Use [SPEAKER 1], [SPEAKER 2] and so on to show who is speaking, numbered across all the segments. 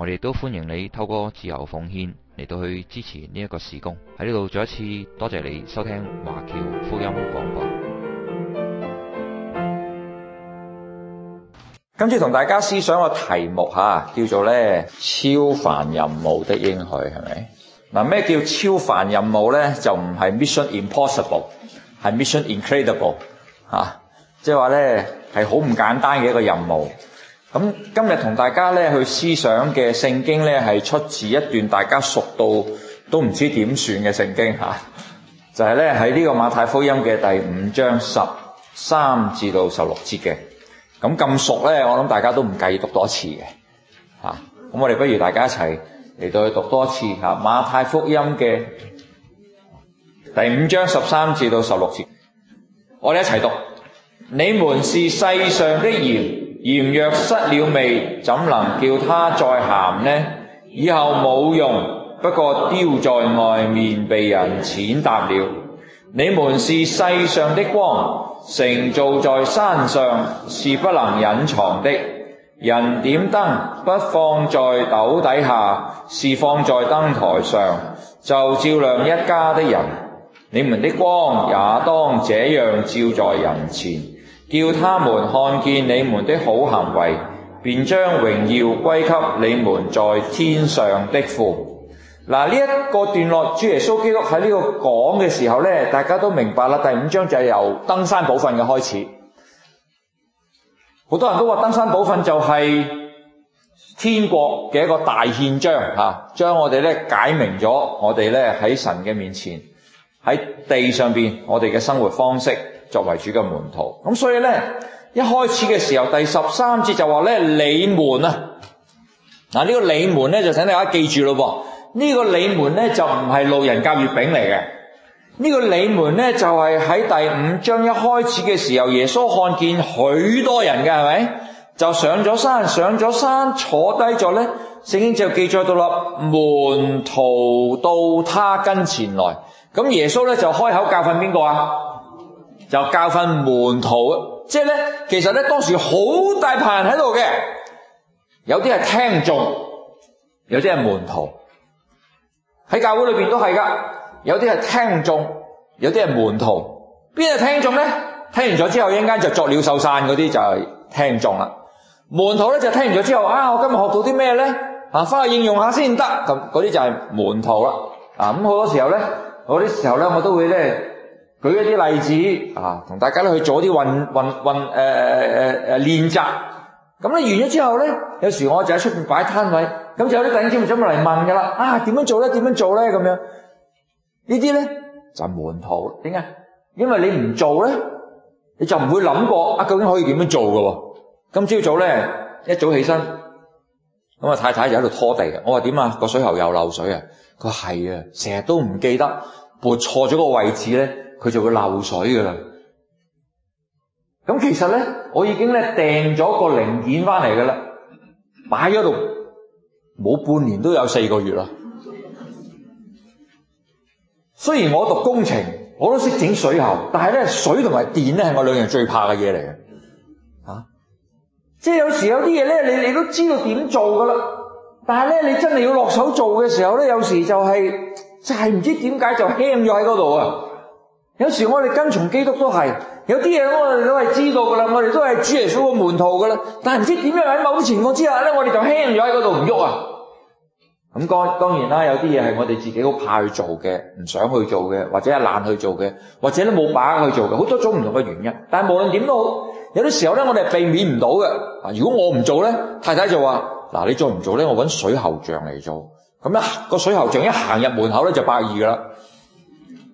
[SPEAKER 1] 我哋都歡迎你透過自由奉獻嚟到去支持呢一個事工。喺呢度再一次多謝你收聽華僑福音廣播。今次同大家思想個題目吓，叫做咧，超凡任務的應許係咪？嗱，咩叫超凡任務咧？就唔係 mission impossible，係 mission incredible 吓、啊，即係話咧，係好唔簡單嘅一個任務。咁今日同大家咧去思想嘅聖經咧係出自一段大家熟到都唔知點算嘅聖經吓、這個，就係咧喺呢個馬太福音嘅第五章十三至到十六節嘅。咁咁熟咧，我諗大家都唔介意讀多次嘅吓。咁我哋不如大家一齊嚟到去讀多次吓。馬太福音嘅第五章十三至到十六節，我哋一齊讀。你們是世上的鹽。鹽若失了味，怎能叫它再鹹呢？以後冇用，不過丟在外面，被人踐踏了。你們是世上的光，城造在山上是不能隱藏的。人點燈不放在斗底下，是放在燈台上，就照亮一家的人。你們的光也當這樣照在人前。叫他們看見你們的好行為，便將榮耀歸給你們在天上的父。嗱，呢一個段落，主耶穌基督喺呢個講嘅時候，大家都明白啦。第五章就係由登山寶訓嘅開始。好多人都話登山寶訓就係天國嘅一個大憲章嚇，將我哋咧解明咗，我哋咧喺神嘅面前喺地上面，我哋嘅生活方式。作為主嘅門徒，咁所以咧，一開始嘅時候，第十三節就話咧，你們啊，嗱呢個你們咧就請大家記住咯，呢個你們咧就唔係路人甲、乙、丙嚟嘅，呢個你們咧就係喺第五章一開始嘅時候，耶穌看見許多人嘅係咪？就上咗山，上咗山坐低咗咧，聖經就記載到咯，門徒到他跟前來，咁耶穌咧就開口教訓邊個啊？就教訓門徒啊！即係咧，其實咧當時好大棚人喺度嘅，有啲係聽眾，有啲係門徒。喺教會裏邊都係噶，有啲係聽眾，有啲係門徒。邊啲係聽眾咧？聽完咗之後，一陣間就作鳥獸散嗰啲就係聽眾啦。門徒咧就聽完咗之後，啊，我今日學到啲咩咧？啊，翻去應用下先得。咁嗰啲就係門徒啦。啊，咁好多時候咧，嗰啲時候咧，我都會咧。舉一啲例子啊，同大家咧去做啲運運運誒誒誒誒練習。咁咧、呃呃呃、完咗之後咧，有時我就喺出邊擺攤位，咁就有啲緊招咪過嚟問噶啦。啊，點樣做咧？點樣做咧？咁樣呢啲咧就是、門徒點解？因為你唔做咧，你就唔會諗過啊，究竟可以點樣做噶？今朝早咧一早起身，咁啊太太就喺度拖地。我話點啊？個水喉又漏水啊！佢係啊，成日都唔記得撥錯咗個位置咧。佢就會漏水㗎啦。咁其實咧，我已經咧訂咗個零件翻嚟㗎啦，擺喺嗰度冇半年都有四個月啦。雖然我讀工程，我都識整水喉，但係咧水同埋電咧係我兩樣最怕嘅嘢嚟嘅啊。即係有時有啲嘢咧，你你都知道點做㗎啦，但係咧你真係要落手做嘅時候咧，有時就係就係唔知點解就輕咗喺嗰度啊。有時我哋跟從基督都係，有啲嘢我哋都係知道㗎喇，我哋都係主耶穌嘅門徒㗎喇。但係唔知點樣喺某種情況之下咧，我哋就輕咗喺嗰度唔喐啊。當然啦，有啲嘢係我哋自己好怕去做嘅，唔想去做嘅，或者係懶去做嘅，或者都冇把握去做嘅，好多種唔同嘅原因。但係無論點都好，有啲時候咧，我哋避免唔到嘅。如果我唔做咧，太太就話：嗱，你做唔做咧，我揾水喉匠嚟做。咁咧，個水喉匠一行入門口咧，就百二㗎喇。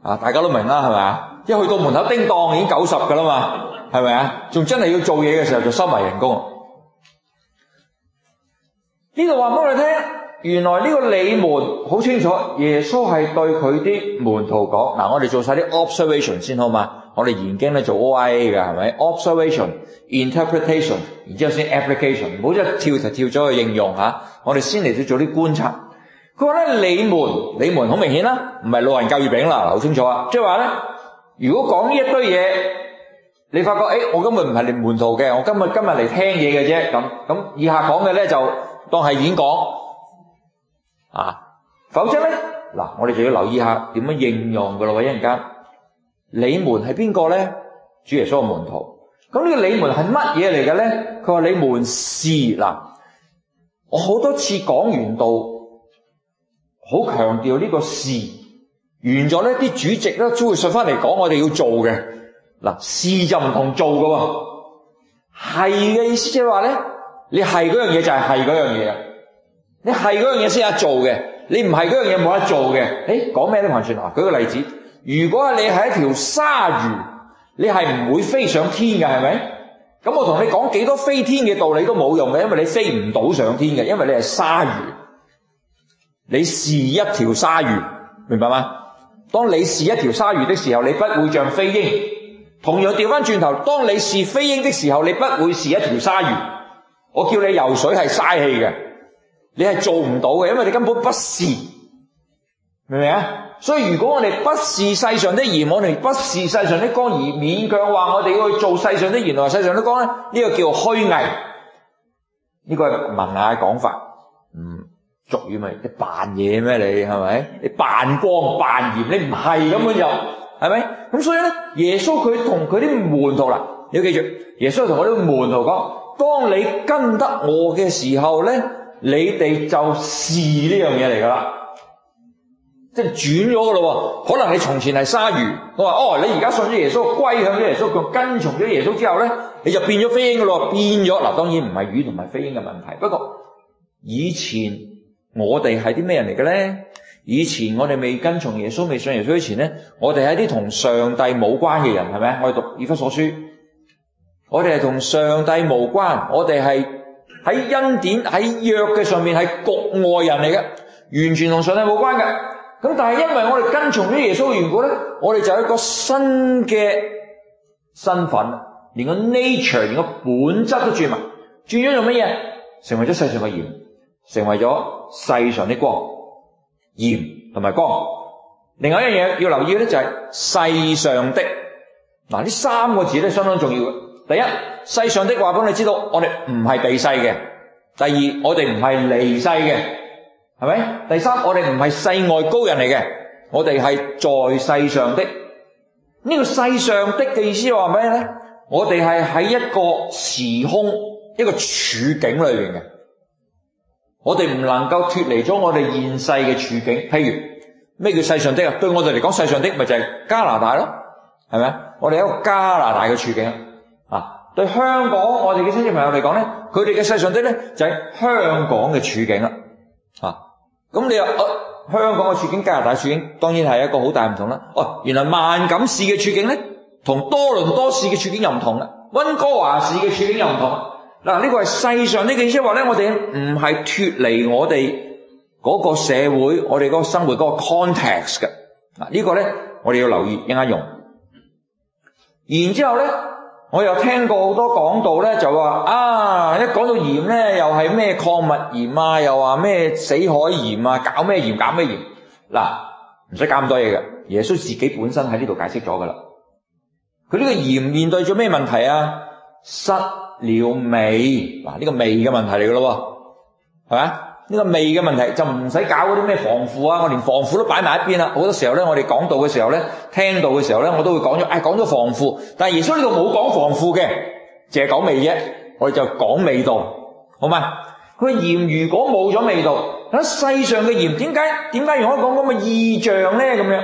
[SPEAKER 1] 啊！大家都明啦，係咪啊？一去到門口叮當已經九十㗎啦嘛，係咪啊？仲真係要做嘢嘅時候就收埋人工。呢度話俾我哋聽，原來呢個你們好清楚，耶穌係對佢啲門徒講。嗱，我哋做晒啲 observation 先好嘛？我哋研經咧做 OIA 嘅，係咪？observation，interpretation，然之後先 application，唔好一跳就跳咗去應用吓，啊，我哋先嚟做做啲觀察。佢話咧，你們，你們好明顯啦，唔係老人教月餅啦，好清楚啊！即係話咧，如果講呢一堆嘢，你發覺誒，我根本唔係你門徒嘅，我今日今日嚟聽嘢嘅啫，咁咁以下講嘅咧就當係演講啊！否則咧嗱，我哋就要留意下點樣應用噶咯，一陣間你們係邊個咧？主耶穌嘅門徒，咁呢個你們係乜嘢嚟嘅咧？佢話你們是嗱，我好多次講完道。好強調呢個事完咗，呢啲主席咧都會上翻嚟講，我哋要做嘅嗱，事就唔同做噶係嘅意思即係話咧，你係嗰樣嘢就係係嗰樣嘢，你係嗰樣嘢先有得做嘅，你唔係嗰樣嘢冇得做嘅。誒，講咩都行算。嗱，舉個例子，如果你係一條鯊魚，你係唔會飛上天嘅，係咪？咁我同你講幾多飛天嘅道理都冇用嘅，因為你飛唔到上天嘅，因為你係鯊魚。你是一條鯊魚，明白嗎？當你是一條鯊魚的時候，你不會像飛鷹；同樣調翻轉頭，當你是飛鷹的時候，你不會是一條鯊魚。我叫你游水係嘥氣嘅，你係做唔到嘅，因為你根本不是，明唔明啊？所以如果我哋不是世上的鹽，我哋不是世上的光，而勉強話我哋要去做世上的鹽，同世上的光呢，呢、這個叫做虛偽，呢、這個是文雅講法。俗語咪你扮嘢咩？你係咪你扮光扮鹽？你唔係咁樣就係咪咁？所以咧，耶穌佢同佢啲門徒啦，你要記住耶穌同佢啲門徒講：當你跟得我嘅時候咧，你哋就是呢樣嘢嚟噶啦，即係轉咗噶咯。可能你從前係鯊魚，我話哦，你而家信咗耶穌，歸向咗耶穌，跟從咗耶穌之後咧，你就變咗飛鷹噶咯，變咗嗱。當然唔係魚同埋飛鷹嘅問題，不過以前。我哋係啲咩人嚟嘅咧？以前我哋未跟從耶穌、未信耶穌之前咧，我哋係啲同上帝冇關嘅人，係咪啊？我哋讀以弗所書，我哋係同上帝冇關，我哋係喺恩典喺約嘅上面係局外人嚟嘅，完全同上帝冇關嘅。咁但係因為我哋跟從咗耶穌嘅緣故咧，我哋就有一個新嘅身份，連個 nature、連個本質都轉埋，轉咗做乜嘢？成為咗世上嘅鹽，成為咗。世上的光、鹽同埋光，另外一樣嘢要留意咧，就係世上的嗱，呢三個字都相當重要嘅。第一，世上的話俾你知道，我哋唔係避世嘅；第二，我哋唔係離世嘅，係咪？第三，我哋唔係世外高人嚟嘅，我哋係在世上的。呢個世上的嘅意思話咩咧？我哋係喺一個時空一個處境裏邊嘅。我哋唔能夠脱離咗我哋現世嘅處境，譬如咩叫世上的？對我哋嚟講，世上的咪就係加拿大咯，係咪？我哋一個加拿大嘅處境啊！對香港我哋嘅親戚朋友嚟講咧，佢哋嘅世上的咧就係香港嘅處境啦啊！咁你又香港嘅處境、加拿大處境，當然係一個好大唔同啦。哦、啊，原來萬錦市嘅處境呢，同多倫多市嘅處境又唔同啦，温哥華市嘅處境又唔同。嗱，呢個係世上呢句説話咧，我哋唔係脱離我哋嗰個社會，我哋嗰個生活嗰個 context 嘅。嗱，呢個咧我哋要留意一陣用。然之後咧，我又聽過好多講道咧，就話啊，一講到鹽咧，又係咩礦物鹽啊，又話咩死海鹽啊，搞咩鹽搞咩鹽。嗱，唔使搞咁多嘢嘅，耶穌自己本身喺呢度解釋咗噶啦。佢呢個鹽面對咗咩問題啊？失。撩味嗱，呢個味嘅問題嚟噶咯，係咪？呢個味嘅問題就唔使搞嗰啲咩防腐啊！我連防腐都擺埋一邊啦。好多時候咧，我哋講道嘅時候咧，聽到嘅時候咧，我都會講咗，哎，講咗防腐。但係耶穌呢度冇講防腐嘅，淨係講味啫。我哋就講味道，好嘛？佢鹽如果冇咗味道，喺世上嘅鹽點解點解用得講咁嘅意象咧？咁樣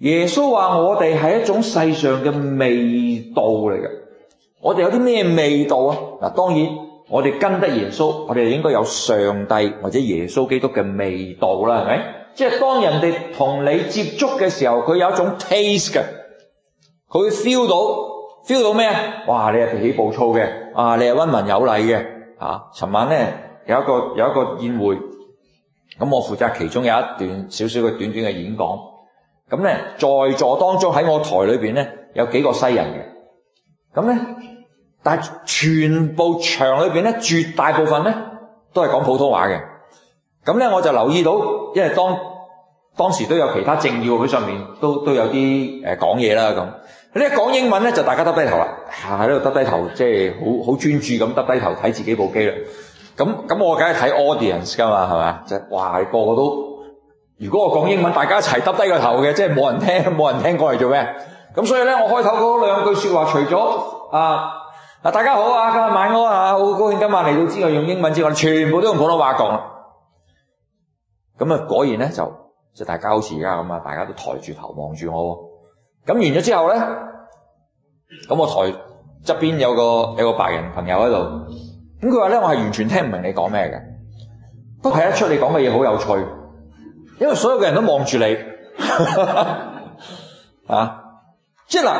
[SPEAKER 1] 耶穌話：我哋係一種世上嘅味道嚟嘅。我哋有啲咩味道啊？嗱，當然我哋跟得耶穌，我哋應該有上帝或者耶穌基督嘅味道啦。係咪？即係當人哋同你接觸嘅時候，佢有一種 taste 嘅，佢 feel 到 feel 到咩啊？哇！你係平氣暴躁嘅，啊！你係温文有禮嘅啊。尋晚咧有一個有一個宴會，咁我負責其中有一段少少嘅短短嘅演講。咁咧，在座當中喺我台裏邊咧有幾個西人嘅，咁咧。但係全部場裏邊咧，絕大部分咧都係講普通話嘅。咁咧我就留意到，因為當當時都有其他政要喺上面，都都有啲誒講嘢啦。咁你一講英文咧，就大家耷低頭啦，喺度耷低頭，即係好好專注咁耷低頭睇自己部機啦。咁咁我梗係睇 audience 㗎嘛，係咪啊？即係哇，個個都如果我講英文，大家一齊耷低個頭嘅，即係冇人聽，冇人聽過嚟做咩？咁所以咧，我開頭嗰兩句説話，除咗啊。啊！大家好啊，今日晚安啊，好高興今日嚟到之後，用英文之外，全部都用廣東話講。咁啊，果然咧就就大家好似而家咁啊，大家都抬住頭望住我。咁完咗之後咧，咁我台側邊有個有個白人朋友喺度，咁佢話咧，我係完全聽唔明你講咩嘅，不過睇得出你講嘅嘢好有趣，因為所有嘅人都望住你 啊。即係嗱，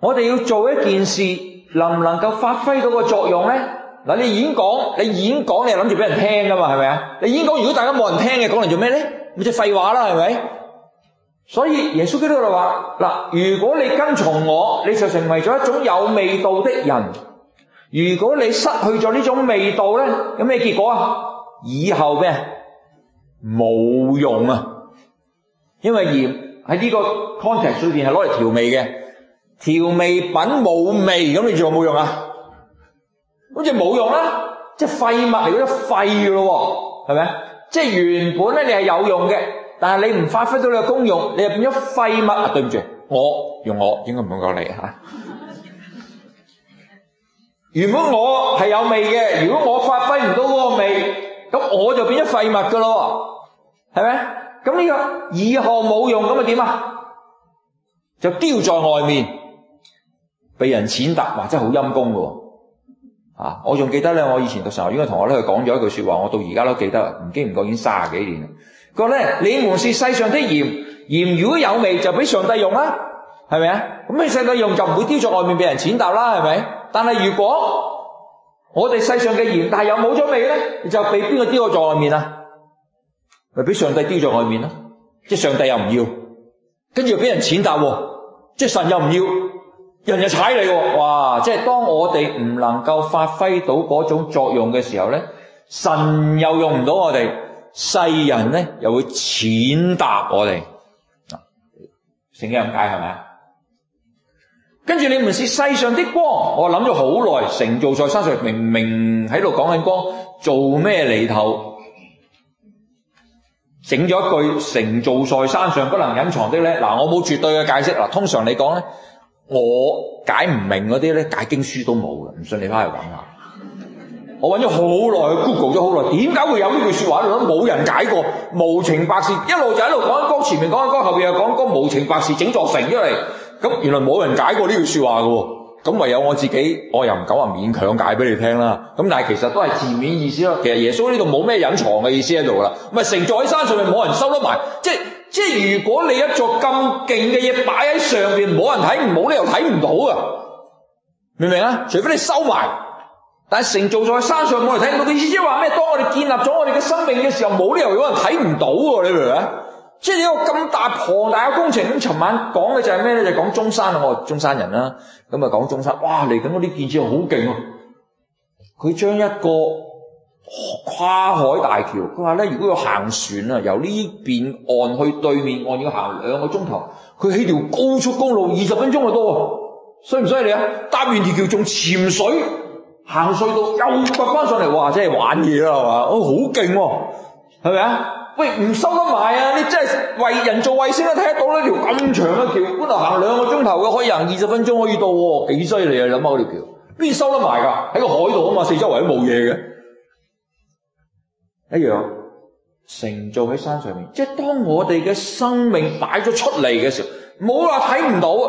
[SPEAKER 1] 我哋要做一件事。能唔能夠發揮到個作用呢？嗱，你演講，你演講，你係諗住俾人聽噶嘛？係咪啊？你演講如果大家冇人聽嘅，講嚟做咩呢？咪即係廢話啦，係咪？所以耶穌基督就話：嗱，如果你跟從我，你就成為咗一種有味道的人；如果你失去咗呢種味道呢，有咩結果啊？以後咩？冇用啊！因為鹽喺呢個 context 裡面係攞嚟調味嘅。調味品冇味咁，你仲有冇用啊？咁就冇用啦、啊，即係廢物嚟嗰啲廢嘅咯，係咪？即原本咧你係有用嘅，但係你唔發揮到你嘅功用，你就變咗廢物啊？對唔住，我用我應該唔用夠你吓、啊。 原本我係有味嘅，如果我發揮唔到嗰個味，咁我就變咗廢物噶咯，係咪？咁呢個以後冇用咁啊點啊？就丟在外面。被人踐踏，或者好陰功嘅，啊！我仲記得咧，我以前讀神學院嘅同學咧，佢講咗一句說話，我到而家都記得，唔經唔覺已經卅幾年啦。個咧，你們是世上的鹽，鹽如果有味，就俾上帝用啦，係咪啊？咁你上帝用就唔會丟在外面俾人踐踏啦，係咪？但係如果我哋世上嘅鹽，但係又冇咗味咧，就被邊個丟咗在外面啊？咪俾上帝丟在外面啦？即係上帝又唔要，跟住又俾人踐踏，即係神又唔要。人就踩你喎，哇！即係當我哋唔能夠發揮到嗰種作用嘅時候咧，神又用唔到我哋，世人咧又會踐踏我哋。聖經咁解係咪啊？跟住你唔是世上的光，我諗咗好耐，城造在山上，明明喺度講緊光，做咩嚟頭？整咗一句城造在山上不能隱藏的，咧，嗱，我冇絕對嘅解釋嗱。通常你講咧。我解唔明嗰啲咧，解經書都冇嘅，唔信你返去揾下。我揾咗好耐，Google 咗好耐，點解會有呢句説話？都冇人解過。無情白事，一路就喺度講緊歌，前面講緊歌，後面又講歌。無情白事，整座城出嚟。咁原來冇人解過呢句説話喎。咁唯有我自己，我又唔敢話勉強解俾你聽啦。咁但係其實都係字面意思咯。其實耶穌呢度冇咩隱藏嘅意思喺度啦。咪成座喺山上咪冇人收得埋。即係即係如果你一座咁勁嘅嘢擺喺上邊，冇人睇，冇理由睇唔到噶。明唔明啊？除非你收埋。但係成座在山上冇人睇唔到嘅意思，即係話咩？當我哋建立咗我哋嘅生命嘅時候，冇理由有人睇唔到噶。你明唔明啊？即係一個咁大龐大嘅工程，咁尋晚講嘅就係咩咧？就係講中山啊，我中山人啦，咁啊，講中山，哇嚟緊嗰啲建設好勁啊！佢將一個跨海大橋，佢話咧，如果要行船啊，由呢邊岸去對面岸要行兩個鐘頭，佢起條高速公路，二十分鐘就到，犀唔犀利啊？搭完條橋仲潛水行隧道，水到又掘翻上嚟，哇！真係玩嘢啦，係嘛？哦，好勁喎，係咪啊？喂，唔收得埋啊！你真係為人造衛星都睇得到呢條咁長嘅橋，本嚟行兩個鐘頭嘅，可以行二十分鐘可以到喎，幾犀利啊！諗下嗰條橋，邊收得埋㗎？喺個海度啊嘛，四周圍都冇嘢嘅，一樣城造喺山上面。即係當我哋嘅生命擺咗出嚟嘅時候，冇話睇唔到啊！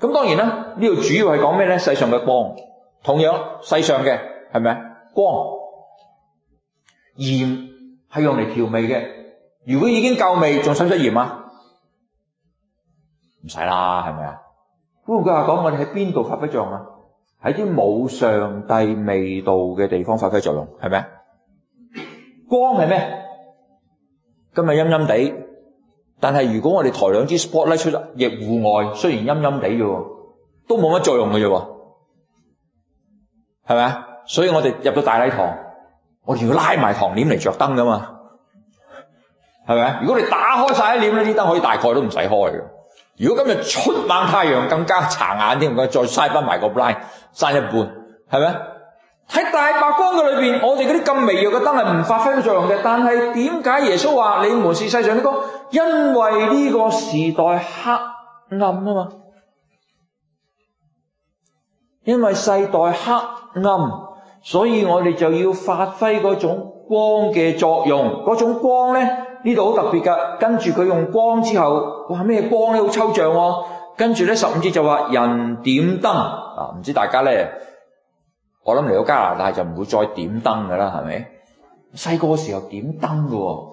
[SPEAKER 1] 咁當然啦，呢度主要係講咩咧？世上嘅光，同樣世上嘅係咪啊？光鹽。係用嚟調味嘅，如果已經夠味，仲使唔使鹽啊？唔使啦，係咪啊？咁佢話講，我哋喺邊度發揮作用啊？喺啲冇上帝味道嘅地方發揮作用，係咪啊？光係咩？今日陰陰地，但係如果我哋抬兩支 spotlight 出嚟，亦戶外雖然陰陰地嘅，都冇乜作用嘅啫，係咪啊？所以我哋入到大禮堂。我哋要拉埋糖簾嚟着燈噶嘛，係咪？如果你打開晒一簾，呢啲燈可以大概都唔使開嘅。如果今日出猛太陽，更加殘眼添，再嘥翻埋個 blind，嘥一半，係咪？喺大白光嘅裏邊，我哋嗰啲咁微弱嘅燈係唔發揮到作用嘅。但係點解耶穌話你們是世上的光？因為呢個時代黑暗啊嘛，因為世代黑暗。所以我哋就要發揮嗰種光嘅作用，嗰種光咧，呢度好特別噶。跟住佢用光之後，哇咩光咧，好抽象喎、啊。跟住咧，十五節就話人點燈啊！唔知大家咧，我諗嚟到加拿大就唔會再點燈噶啦，係咪？細個嘅時候點燈噶喎，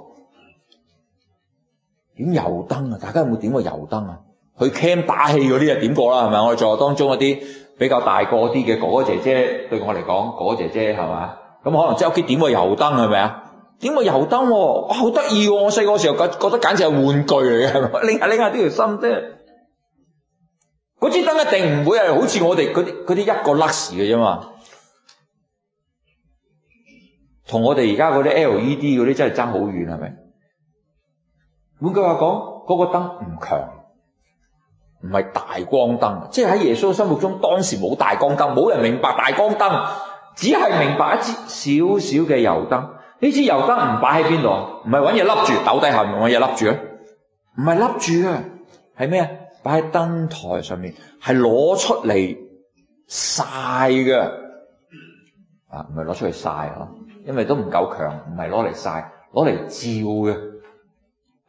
[SPEAKER 1] 點油燈啊！大家有冇點過油燈啊？去 cam 打氣嗰啲啊，點過啦，係咪？我哋在學當中一啲。比較大個啲嘅哥哥姐姐對我嚟講，哥哥姐姐係嘛？咁可能即係屋企點個油燈係咪啊？點個油燈哇、哦，好得意喎！我細個時候覺覺得簡直係玩具嚟嘅，拎下拎下呢條心啫。嗰、嗯、支燈一定唔會係好似我哋嗰啲啲一個 lux 嘅啫嘛。同我哋而家嗰啲 LED 嗰啲真係爭好遠係咪？換句話講，嗰、嗰個燈唔強。唔係大光燈，即係喺耶穌心目中當時冇大光燈，冇人明白大光燈，只係明白一支小小嘅油燈。呢支油燈唔擺喺邊度？唔係揾嘢笠住，斗底下面揾嘢笠住？唔係笠住嘅，係咩啊？擺喺燈台上面，係攞出嚟晒嘅。啊，唔係攞出去晒嗬，因為都唔夠強，唔係攞嚟晒，攞嚟照嘅，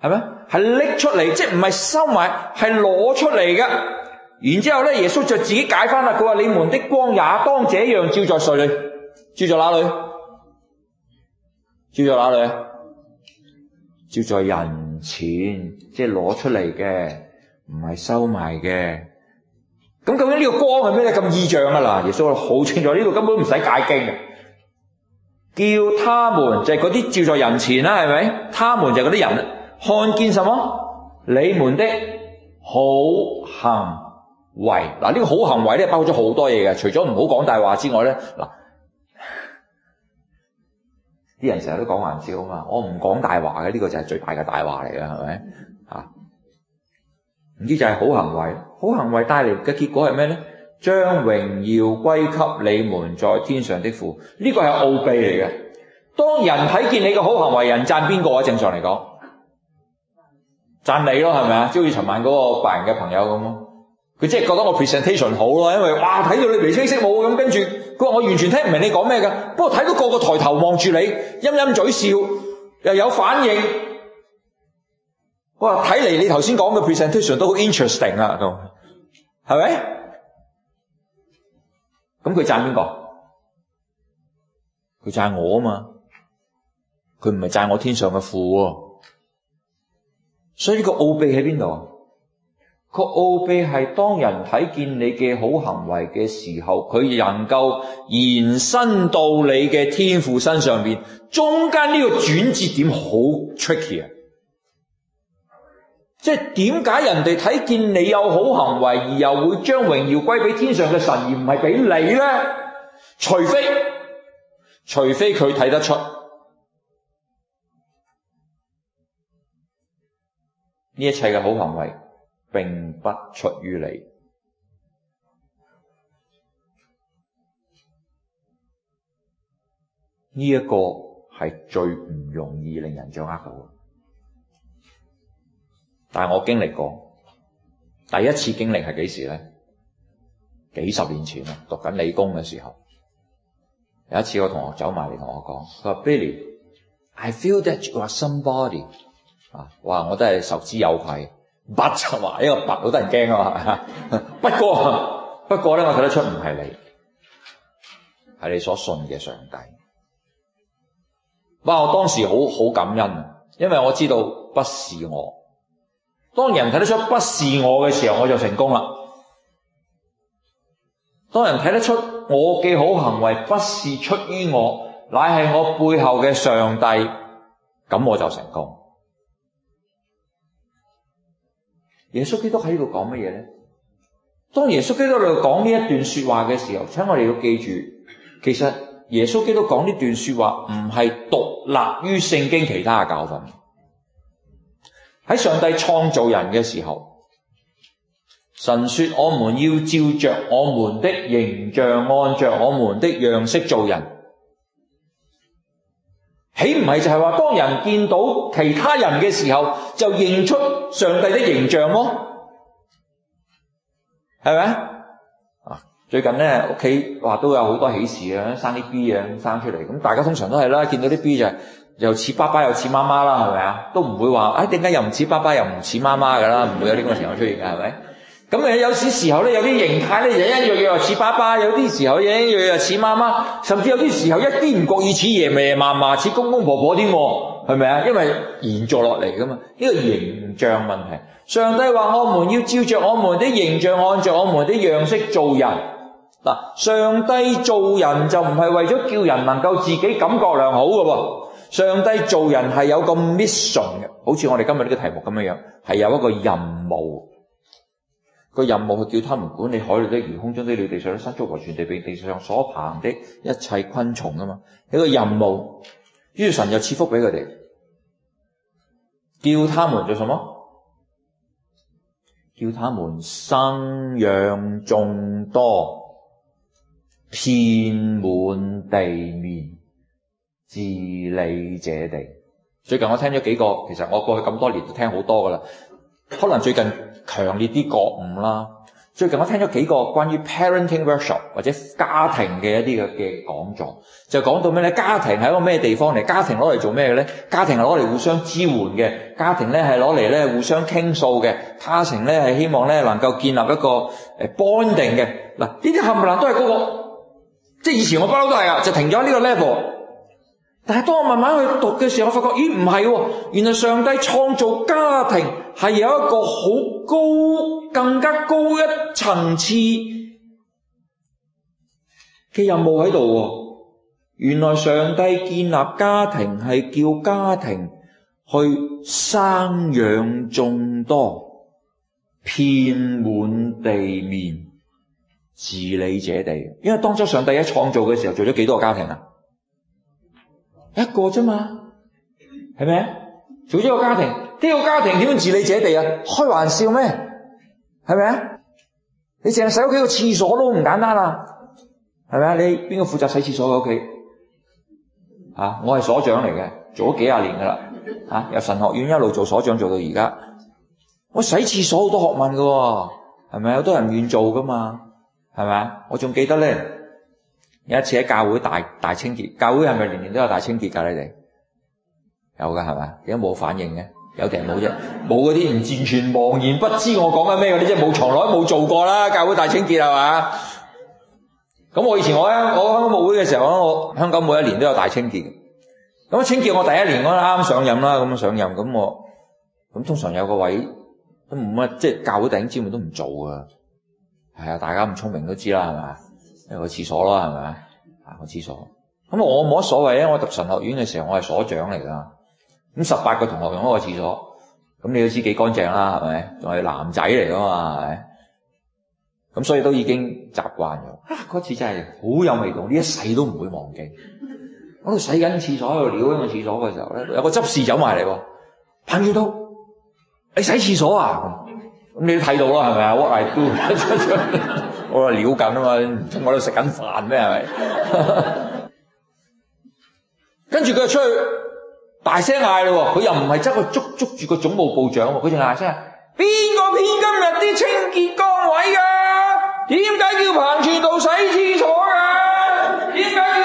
[SPEAKER 1] 係咩？係拎出嚟，即係唔係收埋，係攞出嚟嘅。然之後咧，耶穌就自己解翻啦。佢話你們的光也當這樣照在誰裏，照在哪裏？照在哪裏？照在人前，即係攞出嚟嘅，唔係收埋嘅。咁究竟呢個光係咩咧？咁意象噶啦。耶穌好清楚呢度、這個、根本唔使解經嘅，叫他們就係嗰啲照在人前啦，係咪？他們就係嗰啲人。看見什麼？你們的好行為嗱，呢個好行為咧，包括咗好多嘢嘅。除咗唔好講大話之外咧，嗱啲人成日都講玩笑啊嘛。我唔講大話嘅，呢個就係最大嘅大話嚟嘅，係咪？唔知就係好行為，好行為帶嚟嘅結果係咩咧？將榮耀歸給你們在天上的父。呢個係奧秘嚟嘅。當人睇見你嘅好行為，人讚邊個啊？正常嚟講。讚你咯，係咪啊？即好似尋晚嗰個白人嘅朋友咁咯，佢即係覺得我 presentation 好咯，因為哇睇到你眉飛色舞咁，跟住佢話我完全聽唔明你講咩㗎，不過睇到個個抬頭望住你，陰陰嘴笑，又有反應是是，哇睇嚟你頭先講嘅 presentation 都好 interesting 啊，係咪？咁佢讚邊個？佢讚我啊嘛，佢唔係讚我天上嘅父。所以呢個奧秘喺邊度？啊？個奧秘係當人睇見你嘅好行為嘅時候，佢能夠延伸到你嘅天父身上邊，中間呢個轉折點好 tricky 啊！即係點解人哋睇見你有好行為，而又會將榮耀歸俾天上嘅神，而唔係俾你咧？除非，除非佢睇得出。呢一切嘅好行為並不出於你，呢、這、一個係最唔容易令人掌握到。但係我經歷過，第一次經歷係幾時咧？幾十年前啊，讀緊理工嘅時候，有一次我同學走埋嚟同我講，佢話 Billy，I feel that you are somebody。啊！哇，我都係受之有愧。八就話呢個八好得人驚啊嘛。不過，不過咧，我睇得出唔係你，係你所信嘅上帝。哇！我當時好好感恩，因為我知道不是我。當人睇得出不是我嘅時候，我就成功啦。當人睇得出我嘅好行為不是出於我，乃係我背後嘅上帝，咁我就成功。耶穌基督喺呢度講乜嘢咧？當耶穌基督喺度講呢一段說話嘅時候，請我哋要記住，其實耶穌基督講呢段說話唔係獨立於聖經其他嘅教訓。喺上帝創造人嘅時候，神說我們要照着我們的形象按着我們的樣式造人，豈唔係就係話當人見到其他人嘅時候就認出？上帝的形象咯，係咪啊？最近咧屋企哇，都有好多喜事嘅，生啲 B 啊生出嚟，咁大家通常都係啦，見到啲 B 就是，又似爸爸又似媽媽啦，係咪？都唔會話，哎點解又唔似爸爸又唔似媽媽噶啦？唔會有呢個情況出現噶係咪？咁有啲時時候咧有啲形態咧就隱隱約約似爸爸，有啲時候隱隱約約似媽媽，甚至有啲時候一啲唔覺意似爺爺嫲嫲，似公公婆婆添。係咪啊？因為延續落嚟噶嘛？呢、這個形象問題。上帝話我們要照着我們的形象，按照我們的樣式做人。嗱，上帝造人就唔係為咗叫人能夠自己感覺良好噶喎。上帝造人係有個 mission 嘅，好似我哋今日呢個題目咁樣樣，係有一個任務，個任務去叫他們管理海裏啲魚、空中啲鳥、地上啲山、竹和全地遍地上所爬的一切昆蟲啊嘛，一個任務。於神又賜福俾佢哋，叫他們做什麼？叫他們生養眾多，遍滿地面，治理這地。最近我聽咗幾個，其實我過去咁多年都聽好多噶啦，可能最近強烈啲覺悟啦。最近我聽咗幾個關於 parenting workshop 或者家庭嘅一啲嘅嘅講座，就講到咩呢？家庭係一個咩地方嚟？家庭攞嚟做咩呢？家庭係攞嚟互相支援嘅，家庭呢係攞嚟互相傾訴嘅，家庭呢係希望呢能夠建立一個誒 bonding 嘅嗱，呢啲冚唪唥都係嗰、嗰個，即以前我不嬲都係啊，就停咗呢個 level。但係當我慢慢去讀嘅時候，我發覺咦唔係喎，原來上帝創造家庭係有一個好高、更加高一層次嘅任務喺度。原來上帝建立家庭係叫家庭去生養眾多，遍滿地面，治理者地，因為當初上帝一創造嘅時候，做咗幾多個家庭啊？一個啫嘛，係咪啊？做咗個家庭，呢個家庭點樣治理者地啊？開玩笑咩？係咪啊？你淨係洗屋企個廁所都唔簡單啦，係咪啊？你邊個負責洗廁所嘅屋企？啊，我係所長嚟嘅，做咗幾廿年噶啦，啊，由神學院一路做所長做到而家。我洗廁所好多學問噶，係咪？好多人願做噶嘛，係咪啊？我仲記得咧。有一次喺教會大大清潔，教會係咪年年都有大清潔噶？你哋有噶係嘛？點解冇反應嘅？有定冇啫？冇嗰啲唔完全茫然不知我講緊咩你啲，即係冇從來冇做過啦。教會大清潔係嘛？咁我以前我咧，我喺香港牧會嘅時候，我香港每一年都有大清潔。咁清潔我第一年我啱啱上任啦，咁上任咁我咁通常有個位都唔乜，即係教會頂尖門都唔做噶。係啊，大家咁聰明都知啦，係嘛？有去廁所咯，係咪啊？去廁所，咁我冇乜所謂啊！我讀神學院嘅時候，我係所長嚟噶，咁十八個同學用一個廁所，咁你都知幾乾淨啦，係咪？仲係男仔嚟噶嘛，係咪？咁所以都已經習慣咗。啊，嗰次真係好有味道，呢一世都唔會忘記。我喺度洗緊廁所，喺度撩緊個廁所嘅時候咧，有個執事走埋嚟，彭傳道你洗廁所啊？咁你都睇到啦，係咪啊？What I do？ 我話了緊啊嘛，我喺度食緊飯咩，係咪？跟住佢就出去大聲嗌咯，佢又唔係執去捉捉住個總務部長喎，佢就嗌聲：邊個編今日啲清潔崗位㗎、啊？點解叫彭傳道洗廁所㗎、啊？點解？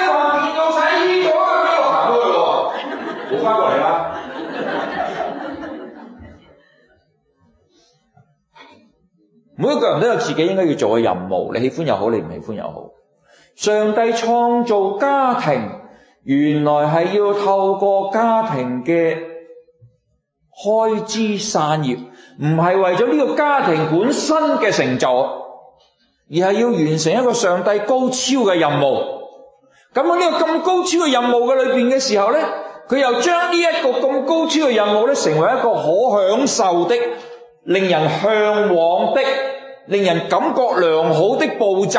[SPEAKER 1] 每一個人都有自己應該要做嘅任務，你喜歡又好，你唔喜歡又好。上帝創造家庭，原來係要透過家庭嘅開枝散葉，唔係為咗呢個家庭本身嘅成就，而係要完成一個上帝高超嘅任務。咁喺呢個咁高超嘅任務嘅裏面嘅時候呢，佢又將呢一個咁高超嘅任務呢，成為一個可享受的、令人嚮往的。令人感覺良好的步驟，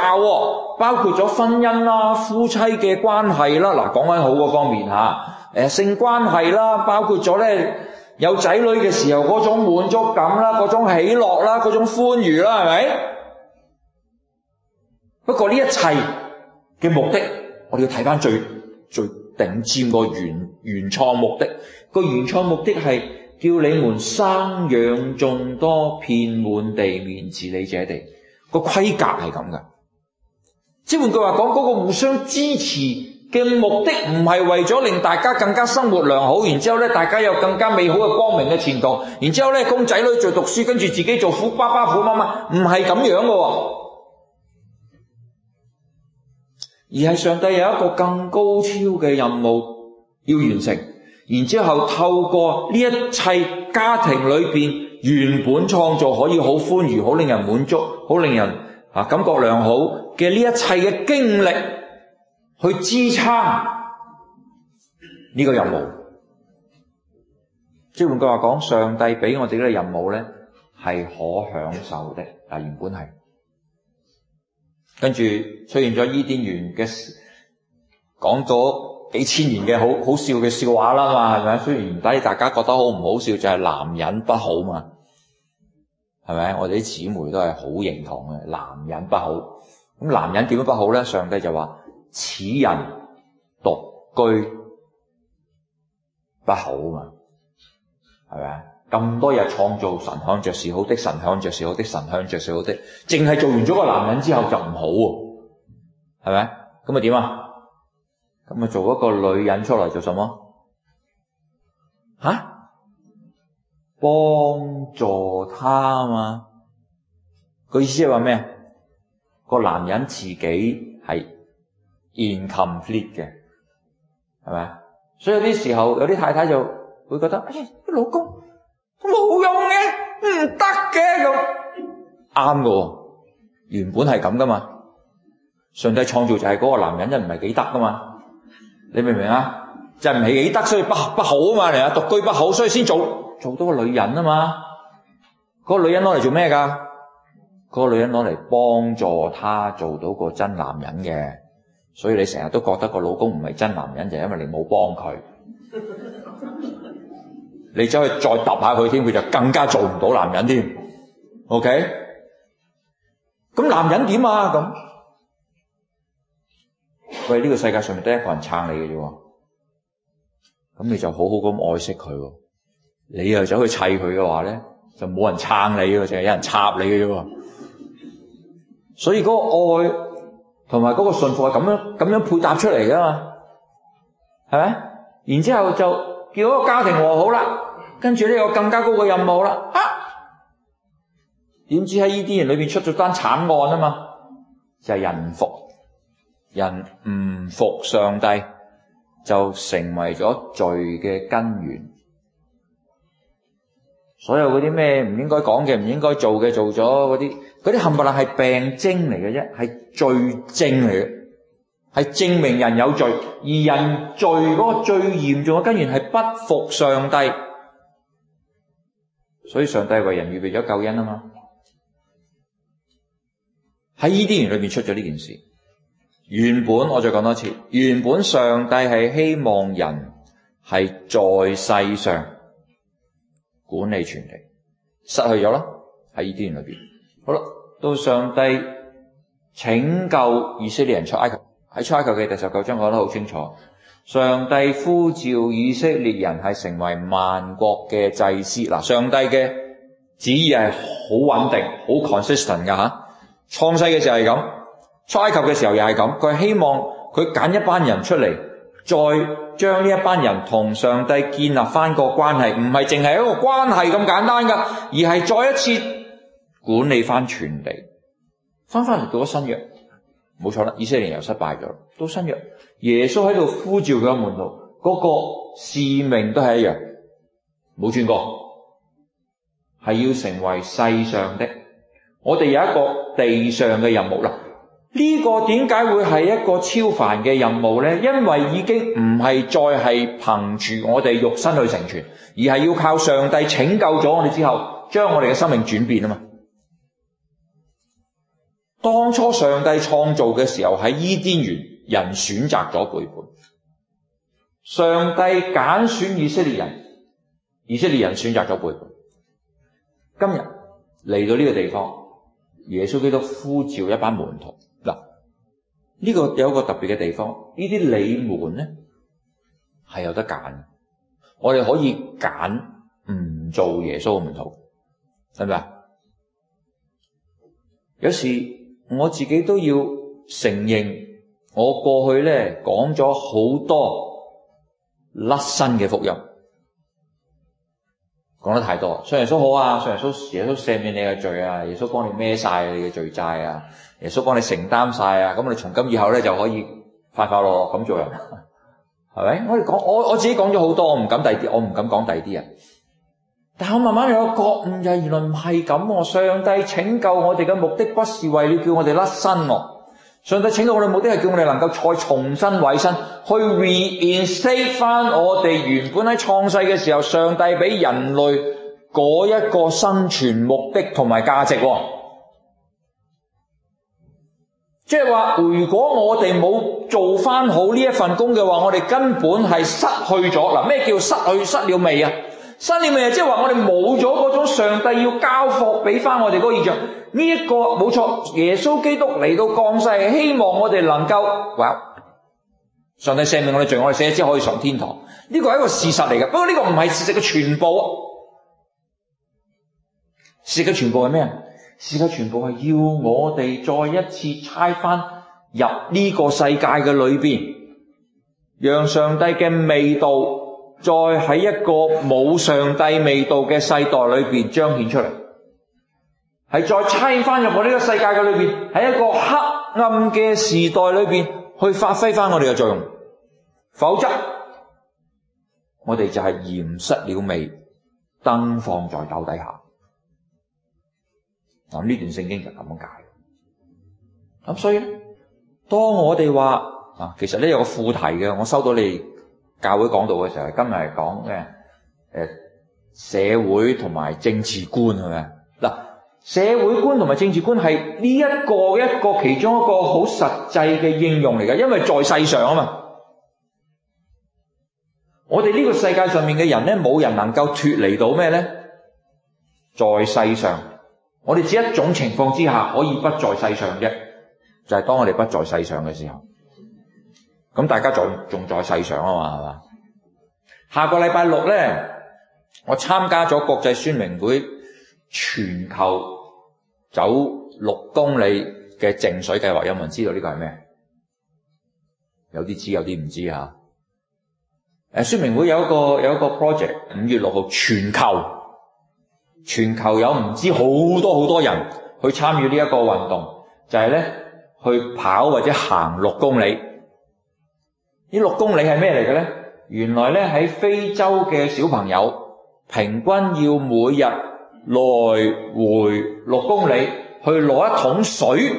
[SPEAKER 1] 包括咗婚姻啦、夫妻嘅關係啦。嗱，講返好嗰方面嚇，誒性關係啦，包括咗咧有仔女嘅時候嗰種滿足感啦、嗰種喜樂啦、嗰種歡愉啦，係咪？不過呢一切嘅目的，我哋要睇翻最最頂尖個原原創目的，個原創目的係。叫你們生養眾多，遍滿地面，治理這地，那個規格係咁嘅。即係換句話講，嗰、那個互相支持嘅目的唔係為咗令大家更加生活良好，然之後咧大家有更加美好嘅光明嘅前途，然之後咧供仔女在讀書，跟住自己做苦爸爸苦媽媽，唔係咁樣噶，而係上帝有一個更高超嘅任務要完成。然之後，透過呢一切家庭裏邊原本創造可以好歡愉、好令人滿足、好令人啊感覺良好嘅呢一切嘅經歷，去支撐呢個任務。即換句話講，上帝俾我哋呢個任務咧，係可享受的。嗱，原本係跟住出現咗伊甸園嘅時講咗。講幾千年嘅好好笑嘅笑話啦嘛，係咪？雖然但係大家覺得好唔好笑，就係男人不好嘛，係咪？我哋啲姊妹都係好認同嘅，男人不好。咁男人點樣不好咧？上帝就話：此人獨居不好嘛，係咪？咁多日創造神看著是好的，神看著是好的，神看著是好的，淨係做完咗個男人之後就唔好，係咪？咁啊點啊？咁咪做一個女人出嚟做什麼？嚇、啊，幫助他嘛。個意思即係話咩？個男人自己係 incomplete 嘅，係咪？所以有啲時候有啲太太就會覺得啲、哎、老公冇用嘅，唔得嘅咁啱嘅。原本係咁噶嘛。上帝創造就係嗰個男人，真唔係幾得噶嘛。你明唔明啊？就唔係幾得，所以不不好啊嘛。嚟啊，獨居不好，所以先做做到個女人啊嘛。嗰個女人攞嚟做咩㗎？嗰個女人攞嚟幫助她做到個真男人嘅。所以你成日都覺得個老公唔係真男人，就係因為你冇幫佢。你走去再揼下佢添，佢就更加做唔到男人添。OK？咁男人點啊？咁？佢呢個世界上面得一個人撐你嘅啫，咁你就好好咁愛惜佢喎。你又走去砌佢嘅話咧，就冇人撐你嘅，就係有人插你嘅啫。所以嗰個愛同埋嗰個信服係咁樣咁樣配搭出嚟噶嘛，係咪？然之後就叫個家庭和好啦，跟住呢，有更加高嘅任務啦。吓？點知喺呢啲人裏邊出咗單慘案啊嘛，就係人服。人唔服上帝，就成為咗罪嘅根源。所有嗰啲咩唔應該講嘅，唔應該做嘅，做咗嗰啲，嗰啲冚唪唥係病徵嚟嘅啫，係罪證嚟嘅，係證明人有罪。而人罪嗰個最嚴重嘅根源係不服上帝，所以上帝為人預備咗救恩啊嘛。喺伊甸園裏邊出咗呢件事。原本我再講多次，原本上帝係希望人係在世上管理全地，失去咗啦，喺呢啲人裏邊。好啦，到上帝拯救以色列人出埃及，喺出埃及嘅第十九章講得好清楚，上帝呼召以色列人係成為萬國嘅祭司。嗱，上帝嘅旨意係好穩定、好 consistent 噶吓，創世嘅時候係咁。差求嘅時候又係咁，佢希望佢揀一班人出嚟，再將呢一班人同上帝建立翻個關係，唔係淨係一個關係咁簡單噶，而係再一次管理翻全地，翻翻嚟到咗新約，冇錯啦。以色列又失敗咗，到新約耶穌喺度呼召佢嘅門徒，嗰個使命都係一樣，冇轉過，係要成為世上的。我哋有一個地上嘅任務啦。呢個點解會係一個超凡嘅任務呢？因為已經唔係再係憑住我哋肉身去成全，而係要靠上帝拯救咗我哋之後，將我哋嘅生命轉變啊嘛，當初上帝創造嘅時候喺伊甸園，人選擇咗背叛，上帝揀選以色列人，以色列人選擇咗背叛。今日嚟到呢個地方，耶穌基督呼召一班門徒。呢個有一個特別嘅地方，呢啲你們咧係有得揀，我哋可以揀唔做耶穌嘅門徒，係咪啊？有時我自己都要承認，我過去咧講咗好多甩身嘅福音。講得太多，上耶穌好啊，上耶穌，耶穌赦免你嘅罪啊，耶穌幫你孭晒你嘅罪債啊，耶穌幫你承擔晒啊，咁我哋從今以後咧就可以快快樂樂咁做人，係咪？我哋講我我自己講咗好多，我唔敢第二啲，我唔敢講第二啲啊！但係我慢慢有個覺悟，就係原來唔係咁，上帝拯救我哋嘅目的不是為了叫我哋甩身啊。上帝請到我哋目的係叫我哋能夠再重新委身，去 reinstate 翻，我哋原本喺創世嘅時候，上帝俾人類嗰一個生存目的同埋價值。即係話，如果我哋冇做翻好呢一份工嘅話，我哋根本係失去咗。嗱，咩叫失去？失了味啊！新嘅命即係話，我哋冇咗嗰種上帝要交付俾翻我哋嗰個意象。呢、這、一個冇錯，耶穌基督嚟到降世，希望我哋能夠，哇！上帝赦免我哋罪，我哋死咗之後可以上天堂。呢、這個係一個事實嚟嘅，不過呢個唔係事實嘅全部。事實嘅全部係咩啊？事實全部係要我哋再一次猜翻入呢個世界嘅裏邊，讓上帝嘅味道，再喺一個冇上帝味道嘅世代裏邊彰顯出嚟，係再差翻入我呢個世界嘅裏邊，喺一個黑暗嘅時代裏邊去發揮翻我哋嘅作用，否則我哋就係鹽失了味，燈放在斗底下。嗱，呢段聖經就咁解。咁所以當我哋話啊，其實咧有個副題嘅，我收到你。教會講到嘅時候，今日講咩？誒，社會同埋政治觀，係咪？嗱，社會觀同埋政治觀係呢一個一個其中一個好實際嘅應用嚟噶，因為在世上啊嘛，我哋呢個世界上面嘅人咧，冇人能夠脱離到咩咧？在世上，我哋只一種情況之下可以不在世上啫，就係當我哋不在世上嘅時候。咁大家仲仲在世上啊嘛，係嘛？下個禮拜六咧，我參加咗國際宣明會全球走六公里嘅淨水計劃，有冇人知道呢個係咩？有啲知，有啲唔知啊！誒，宣明會有一個有一個 project，五月六號全球全球有唔知好多好多人去參與呢一個運動，就係咧去跑或者行六公里。呢六公里係咩嚟嘅咧？原來咧，喺非洲嘅小朋友平均要每日來回六公里去攞一桶水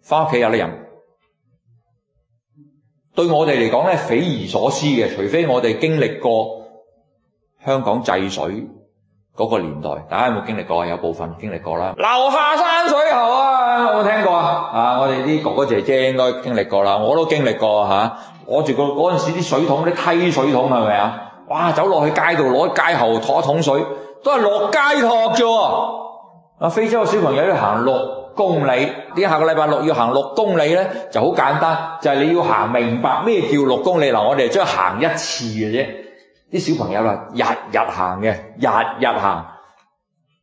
[SPEAKER 1] 返屋企，有啲人，對我哋嚟講咧，匪夷所思嘅，除非我哋經歷過香港制水。嗰個年代，大家有冇經歷過？有部分經歷過啦。樓下山水喉啊，有冇聽過啊？啊，我哋啲哥哥姐姐應該經歷過啦，我都經歷過嚇。攞、啊、住嗰時啲水桶，啲梯水桶係咪啊？哇！走落去街度攞街喉攞一桶水，都係落街塘啫。啊，非洲小朋友要行六公里，啲下個禮拜六要行六公里咧，就好簡單，就係、是、你要行明白咩叫六公里。嗱，我哋將行一次嘅啫。啲小朋友啊，日日行嘅，日日行，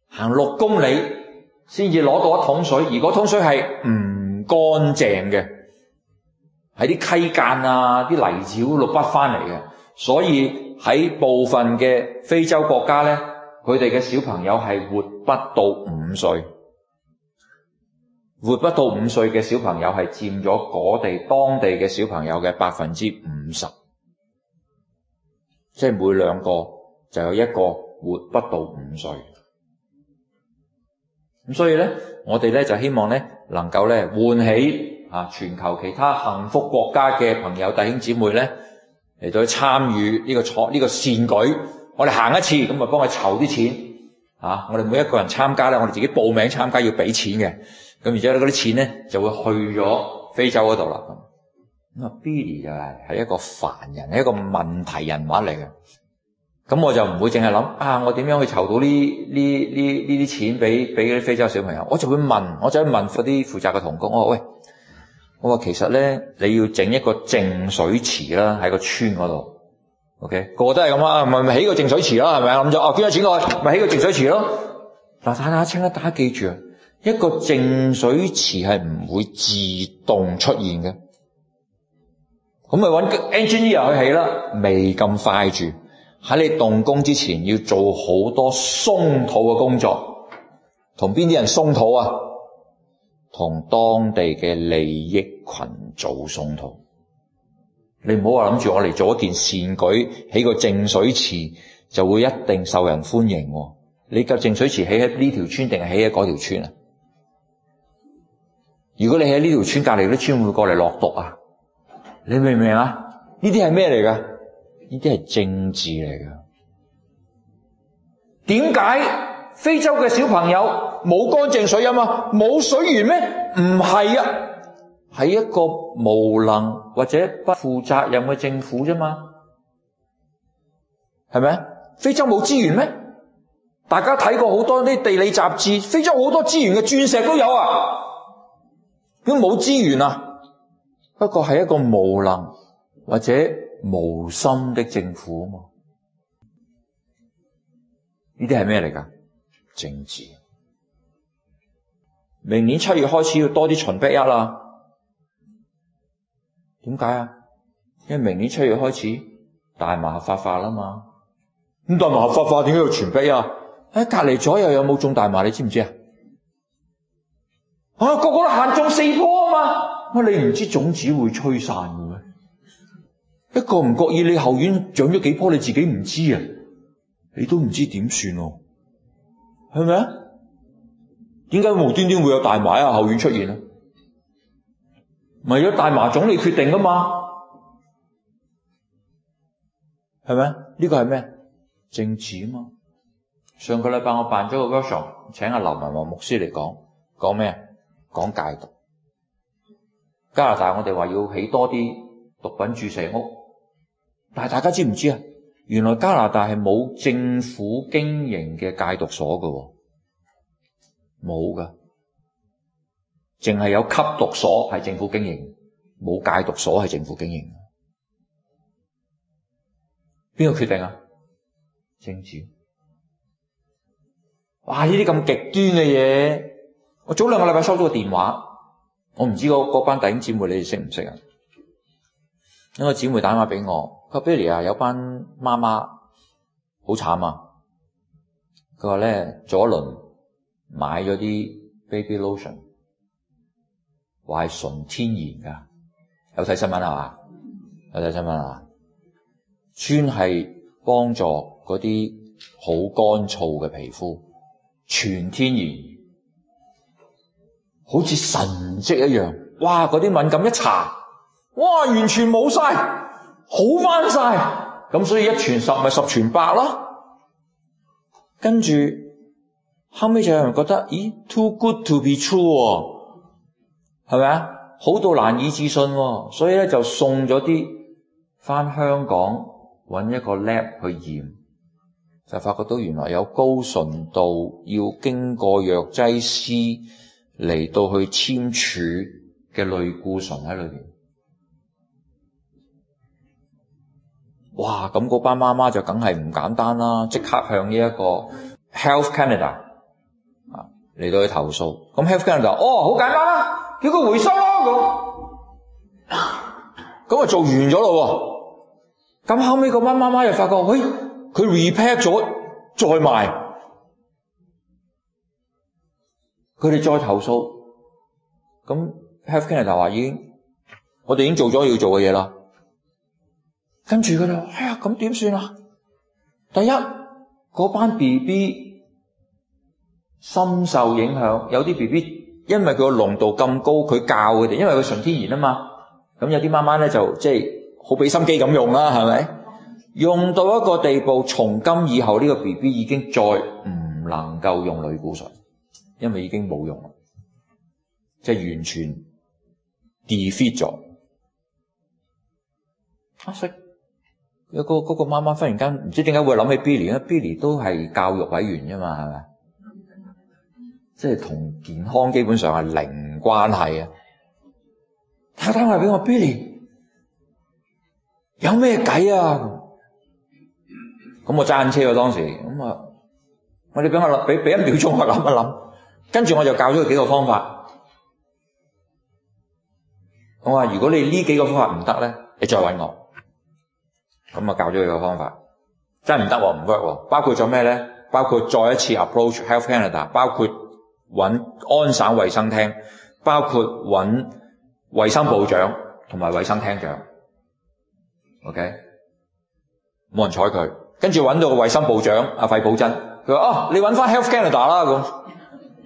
[SPEAKER 1] 行六公里先至攞到一桶水。而果桶水係唔乾淨嘅，喺啲溪澗啊、啲泥沼度筆翻嚟嘅，所以喺部分嘅非洲國家咧，佢哋嘅小朋友係活不到五歲，活不到五歲嘅小朋友係佔咗我哋當地嘅小朋友嘅百分之五十。即係每兩個就有一個活不到五歲，咁所以咧，我哋咧就希望咧能夠咧喚起啊全球其他幸福國家嘅朋友弟兄姊妹咧嚟到去參與呢個創呢個善舉，我哋行一次咁啊幫佢籌啲錢啊，我哋每一個人參加咧，我哋自己報名參加要俾錢嘅，咁而且咧嗰啲錢咧就會去咗非洲嗰度啦。咁啊，Billy 就係係一個凡人，係一個問題人物嚟嘅。咁我就唔會淨係諗啊，我點樣去籌到呢呢呢呢啲錢俾俾啲非洲小朋友？我就會問，我就會問嗰啲負責嘅同工。我話喂，我話其實咧，你要整一個淨水池啦，喺個村嗰度。OK，個個都係咁啊，咪咪起個淨水池咯，係咪諗咗啊？捐咗錢過去，咪起個淨水池咯。嗱，大家清啦，大家記住啊，一個淨水池係唔會自動出現嘅。咁咪揾 engineer 去起啦，未咁快住。喺你動工之前要做好多鬆土嘅工作，同邊啲人鬆土啊？同當地嘅利益群組鬆土。你唔好話諗住我嚟，做一件善舉，起個淨水池就會一定受人歡迎。你架淨水池起喺呢條村定係起喺嗰條村啊？如果你喺呢條村隔籬，啲村會過嚟落毒啊？你明唔明啊？呢啲係咩嚟噶？呢啲係政治嚟噶。點解非洲嘅小朋友冇乾淨水，水啊？嘛，冇水源咩？唔係啊，係一個無能或者不負責任嘅政府啫嘛。係咪非洲冇資源咩？大家睇過好多啲地理雜誌，非洲好多資源嘅，鑽石都有啊。點冇資源啊？不過係一個無能或者無心的政府啊嘛。呢啲係咩嚟噶？政治。明年七月開始要多啲巡逼一啦。點解啊？因為明年七月開始大麻合法啦嘛。咁大麻合法化點解要巡逼啊？喺隔籬左右有冇種大麻？你知唔知啊？啊，個個都限種四棵啊嘛。乜你唔知種子會吹散嘅咩？一個唔覺意你後院長咗幾棵你自己唔知啊！你都唔知點算咯？係咪啊？點解無端端會有大麻啊後院出現啊？咪咗大麻種你決定噶嘛？係咪啊？呢個係咩政治啊嘛？上個禮拜我辦咗個 workshop 請阿劉文和牧師嚟講講咩？講戒毒。加拿大我哋話要起多啲毒品注射屋，但係大家知唔知啊？原來加拿大係冇政府經營嘅戒毒所嘅，冇噶，淨係有吸毒所係政府經營，冇戒毒所係政府經營。邊個決定啊？政治？哇！呢啲咁極端嘅嘢，我早兩個禮拜收咗個電話。我唔知嗰班弟兄姊妹你哋識唔識啊？一個姊妹打電話俾我，佢話：Billy 啊，有班媽媽好慘啊！佢話咧，左輪買咗啲 baby lotion，話係純天然噶，有睇新聞係嘛？有睇新聞啊？專係幫助嗰啲好乾燥嘅皮膚，全天然。好似神跡一樣，哇！嗰啲敏感一查，哇，完全冇晒，好翻晒咁，所以一傳十咪十傳百囉。跟住後尾就有人覺得，咦，too good to be true，係咪啊？好到難以置信喎，所以咧就送咗啲翻香港揾一個 lab 去驗，就發覺到原來有高純度，要經過藥劑師。嚟到去簽署嘅類固醇喺裏邊，哇！咁嗰班媽媽就梗係唔簡單啦，即刻向呢一個 Health Canada 啊嚟到去投訴。咁 Health Canada，哦，好簡單啦，叫佢回收咯咁。咁啊做完咗咯喎。咁後尾嗰班媽媽又發覺，喂、哎，佢 repair 咗再賣。佢哋再投訴，咁 Health Canada 話已經，我哋已經做咗要做嘅嘢啦。跟住佢哋話，哎呀，咁點算啊？第一，嗰班 B B 深受影響，有啲 B B 因為佢個濃度咁高，佢教佢哋，因為佢純天然啊嘛。咁有啲媽媽咧就即係好俾心機咁用啦，係咪？用到一個地步，從今以後呢個 B B 已經再唔能夠用類固醇。因為已經冇用啦，即係完全 defeat 咗黑色，有、啊嗰個嗰、嗰個媽媽忽然間唔知點解會諗起 Billy 因為，Billy 都係教育委員啫嘛，係咪？即係同健康基本上係零關係啊！阿媽話俾我，我 Billy 有咩計啊？咁我揸緊車啊，當時咁啊，我哋俾我俾俾一秒鐘，我諗一諗。跟住我就教咗佢幾個方法，我話如果你呢幾個方法唔得咧，你再揾我。咁啊教咗佢個方法，真係唔得喎，唔 work 喎。包括咗咩咧？包括再一次 approach Health Canada，包括揾安省衛生廳，包括揾衛生部長同埋衛生廳長。OK，冇人睬佢。跟住揾到個衛生部長阿費寶珍，佢話：哦，你揾翻 Health Canada 啦咁。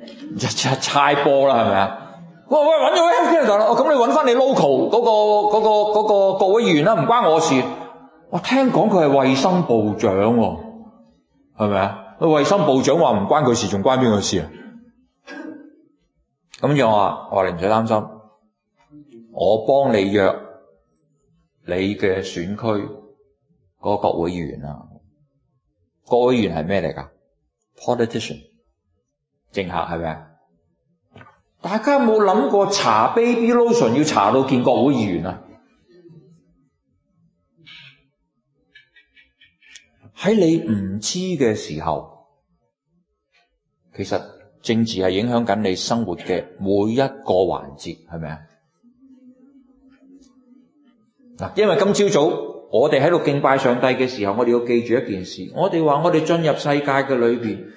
[SPEAKER 1] 一一猜波啦，係咪啊？哇喂，搵咗咩啦？咁你搵翻你 local 嗰個嗰個嗰個國會議員啦，唔關我事。我聽講佢係衛生部長喎，係咪啊？衛生部長話唔關佢事，仲關邊個事啊？咁樣啊，我話你唔使擔心，我幫你約你嘅選區嗰個國會議員啦。國會議員係咩嚟噶？politician。Polit 政客係咪啊？大家有冇諗過查 baby lotion 要查到建國會議員啊？喺你唔知嘅時候，其實政治係影響緊你生活嘅每一個環節，係咪啊？嗱，因為今朝早，早我哋喺度敬拜上帝嘅時候，我哋要記住一件事，我哋話我哋進入世界嘅裏邊。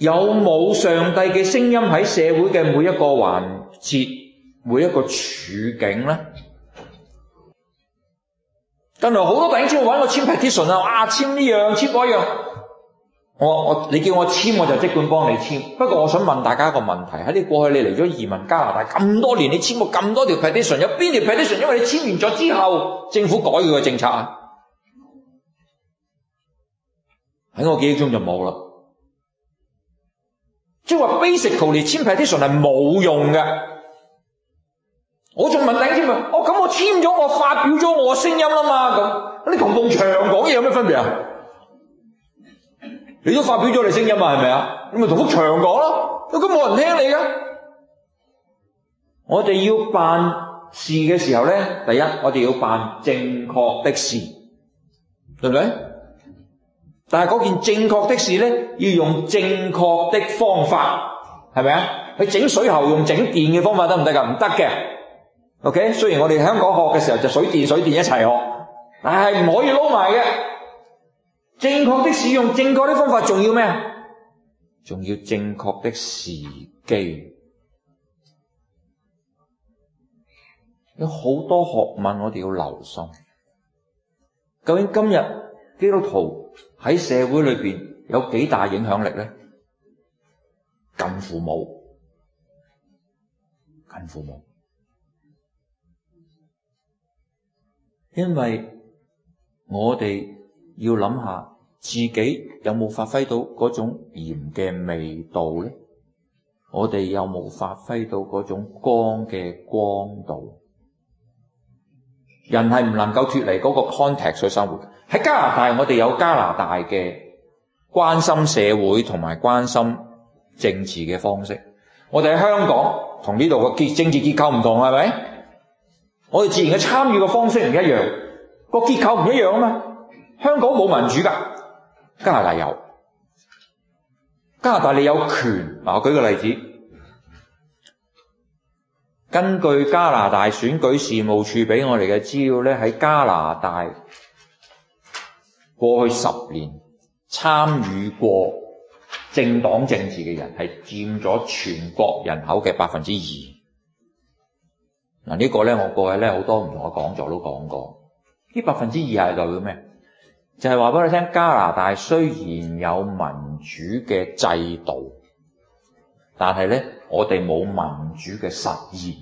[SPEAKER 1] 有冇上帝嘅聲音喺社會嘅每一個環節、每一個處境咧？近來好多弟兄都要揾我簽 petition 啊，哇、這個，簽呢樣、簽嗰樣。我我你叫我簽我就即管幫你簽。不過我想問大家一個問題：喺你過去你嚟咗移民加拿大咁多年，你簽過咁多條 petition，有邊條 petition？因為你簽完咗之後，政府改佢嘅政策啊？喺我記憶中就冇啦。即係話 basically 簽 petition 係冇用嘅，我仲問你添啊？哦咁，我簽咗，我發表咗我聲音啦嘛？咁你同幅牆講嘢有咩分別啊？你都發表咗你聲音啊？係咪啊？咁咪同幅牆講咯，咁冇人聽你㗎。我哋要辦事嘅時候咧，第一我哋要辦正確的事，對唔對？但係嗰件正確的事咧，要用正確的方法，係咪啊？去整水喉用整電嘅方法得唔得㗎？唔得嘅。OK，雖然我哋香港學嘅時候就水電水電一齊學，但係唔可以撈埋嘅。正確的事用正確的方法，仲要咩？仲要正確的時機。有好多學問，我哋要留心。究竟今日基督徒喺社會裏邊有幾大影響力咧？近乎冇，近乎冇，因為我哋要諗下自己有冇發揮到嗰種鹽嘅味道咧？我哋有冇發揮到嗰種光嘅光度？人係唔能夠脱離嗰個 contact 去生活。喺加拿大，我哋有加拿大嘅關心社會同埋關心政治嘅方式。我哋喺香港同呢度嘅結政治結構唔同，係咪？我哋自然嘅參與嘅方式唔一樣，個結構唔一樣啊嘛。香港冇民主噶，加拿大有，加拿大你有權。嗱，我舉個例子，根據加拿大選舉事務處俾我哋嘅資料咧，喺加拿大，.過去十年參與過政黨政治嘅人係佔咗全國人口嘅百分之二。嗱、這個、呢個咧，我過去咧好多唔同嘅講座都講過。呢百分之二係代表咩？就係話俾你聽，加拿大雖然有民主嘅制度，但係咧我哋冇民主嘅實現，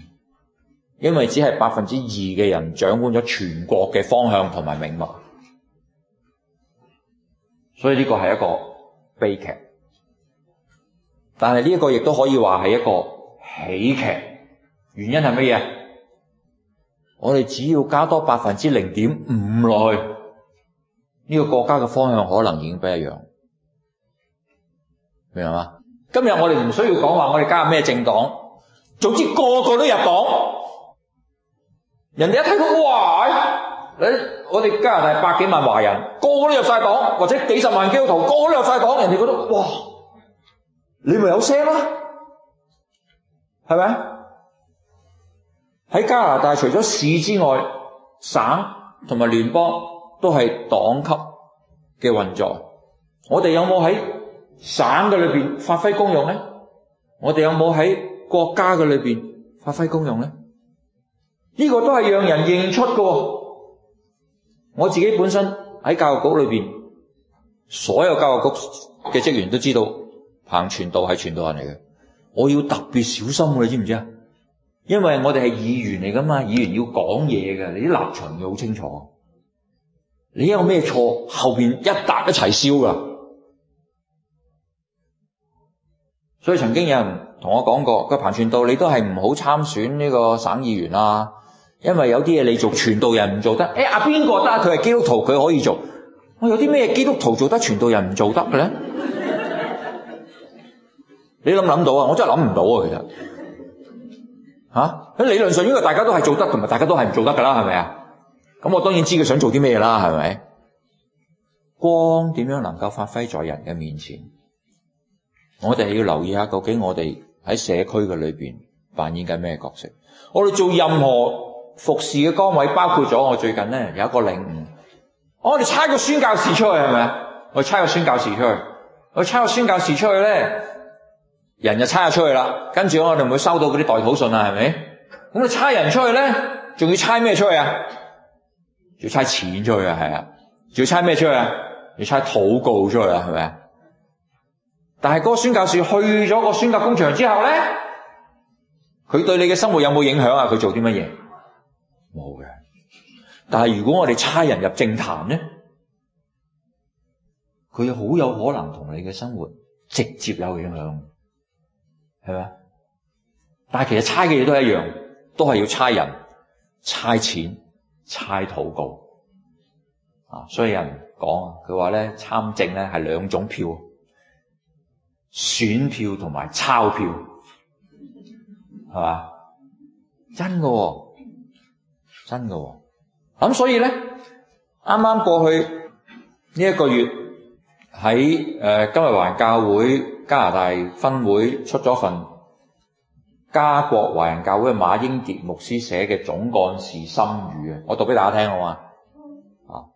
[SPEAKER 1] 因為只係百分之二嘅人掌管咗全國嘅方向同埋命脈。所以呢個係一個悲劇，但係呢一個亦都可以話係一個喜劇。原因係乜嘢？我哋只要加多百分之零點五落去，呢個國家嘅方向可能已經不一樣，明嘛？今日我哋唔需要講話，我哋加入咩政黨，總之個個都入黨。人哋一睇到我。你我哋加拿大百幾萬華人，個個都入晒黨，或者幾十萬基督徒，個個都入晒黨，人哋覺得哇，你咪有聲啦，係咪？喺加拿大除咗市之外，省同埋聯邦都係黨級嘅運作。我哋有冇喺省嘅裏邊發揮功用咧？我哋有冇喺國家嘅裏邊發揮功用咧？呢個都係讓人認出嘅。我自己本身喺教育局裏邊，所有教育局嘅職員都知道彭傳道係傳道人嚟嘅，我要特別小心，你知唔知啊？因為我哋係議員嚟噶嘛，議員要講嘢嘅，你啲立場要好清楚。你有咩錯，後邊一搭一齊燒噶。所以曾經有人同我講過，佢彭傳道，你都係唔好參選呢個省議員啦。因為有啲嘢你做傳道人唔做得，誒、哎、啊！邊個得？佢係基督徒，佢可以做。我有啲咩基督徒做得，傳道人唔做得嘅咧？ 你諗唔諗到啊？我真係諗唔到啊！其實嚇喺、啊、理論上，應該大家都係做得，同埋大家都係唔做得㗎啦，係咪啊？咁我當然知佢想做啲咩啦，係咪光點樣能夠發揮在人嘅面前？我哋要留意下，究竟我哋喺社區嘅裏邊扮演緊咩角色？我哋做任何。服侍嘅崗位包括咗，我最近咧有一個領悟，我哋差個宣教士出去係咪？我差個宣教士出去，我差個宣教士出去咧，人就差咗出去啦。跟住我哋會收到嗰啲代禱信啊，係咪？咁你差人出去咧，仲要差咩出去啊？要差錢出去啊，係啊？仲要差咩出去啊？要差禱告出去啊，係咪？但係個宣教士去咗個宣教工場之後咧，佢對你嘅生活有冇影響啊？佢做啲乜嘢？但係，如果我哋差人入政壇咧，佢好有可能同你嘅生活直接有影響，係咪啊？但係其實差嘅嘢都係一樣都，都係要差人、差錢、差禱告啊。所以有人講佢話咧，參政咧係兩種票，選票同埋鈔票，係咪啊？真噶喎，真噶喎。咁所以咧，啱啱過去呢一個月喺誒今日華人教會加拿大分會出咗份加國華人教會馬英傑牧師寫嘅總幹事心語啊，我讀俾大家聽好嘛？啊，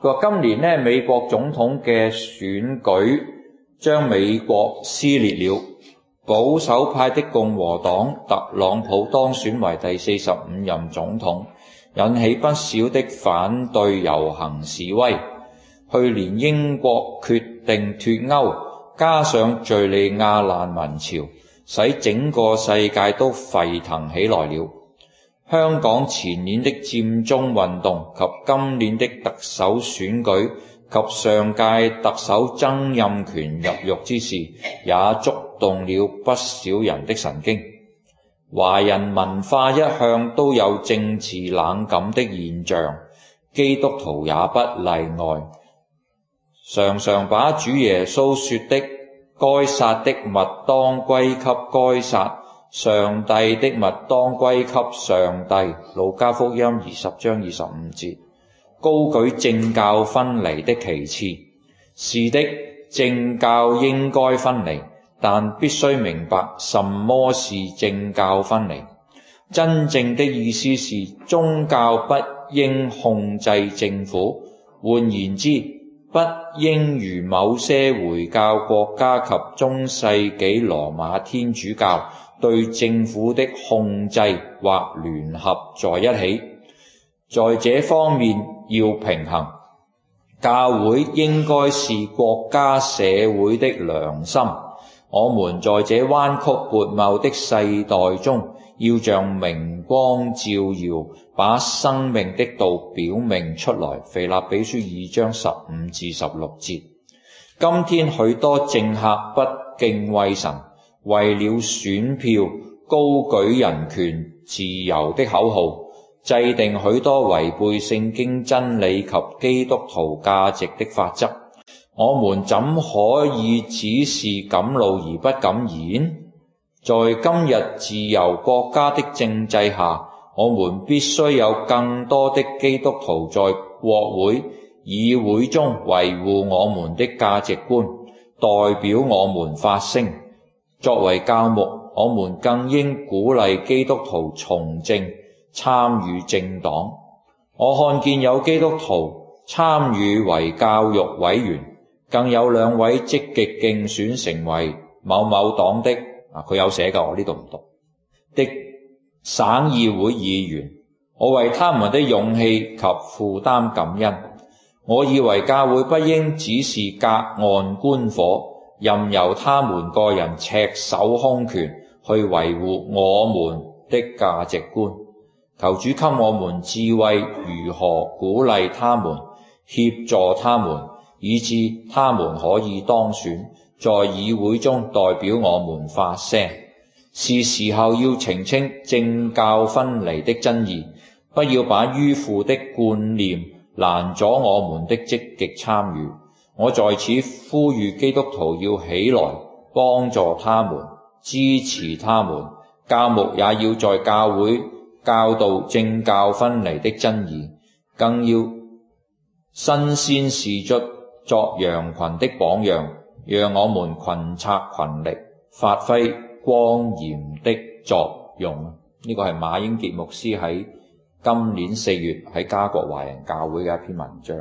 [SPEAKER 1] 佢話今年咧美國總統嘅選舉將美國撕裂了，保守派的共和黨特朗普當選為第四十五任總統。引起不少的反對遊行示威。去年英國決定脫歐，加上敘利亞難民潮，使整個世界都沸騰起來了。香港前年的佔中運動及今年的特首選舉及上屆特首曾蔭權入獄之事，也觸動了不少人的神經。華人文化一向都有政治冷感的現象，基督徒也不例外，常常把主耶穌說的該撒的物當歸給該撒，上帝的物當歸給上帝，路加福音二十章二十五節，高舉政教分離的旗幟。是的，政教應該分離。但必須明白，什麼是政教分離？真正的意思是宗教不應控制政府，換言之，不應如某些回教國家及中世紀羅馬天主教對政府的控制或聯合在一起。在這方面要平衡，教會應該是國家社會的良心。我們在這彎曲悖謬的世代中，要像明光照耀，把生命的道表明出來。腓立比書二章十五至十六節。今天許多政客不敬畏神，為了選票，高舉人權、自由的口號，制定許多違背聖經真理及基督徒價值的法則。我們怎可以只是敢怒而不敢言？在今日自由國家的政制下，我們必須有更多的基督徒在國會議會中維護我們的價值觀，代表我們發聲。作為教牧，我們更應鼓勵基督徒從政，參與政黨。我看見有基督徒參與為教育委員。更有兩位積極競選成為某某黨的啊，佢有寫噶，我呢度唔讀的省議會議員，我為他們的勇氣及負擔感恩。我以為教會不應只是隔岸觀火，任由他們個人赤手空拳去維護我們的價值觀。求主給我們智慧，如何鼓勵他們、協助他們。以至，他們可以當選，在議會中代表我們發聲。是時候要澄清政教分離的爭議，不要把迂腐的觀念攔阻我們的積極參與。我在此呼籲基督徒要起來幫助他們，支持他們。教牧也要在教會教導政教分離的爭議，更要身先士卒。作羊群的榜樣，讓我們群策群力，發揮光鹽的作用。呢、這個係馬英傑牧師喺今年四月喺加國華人教會嘅一篇文章。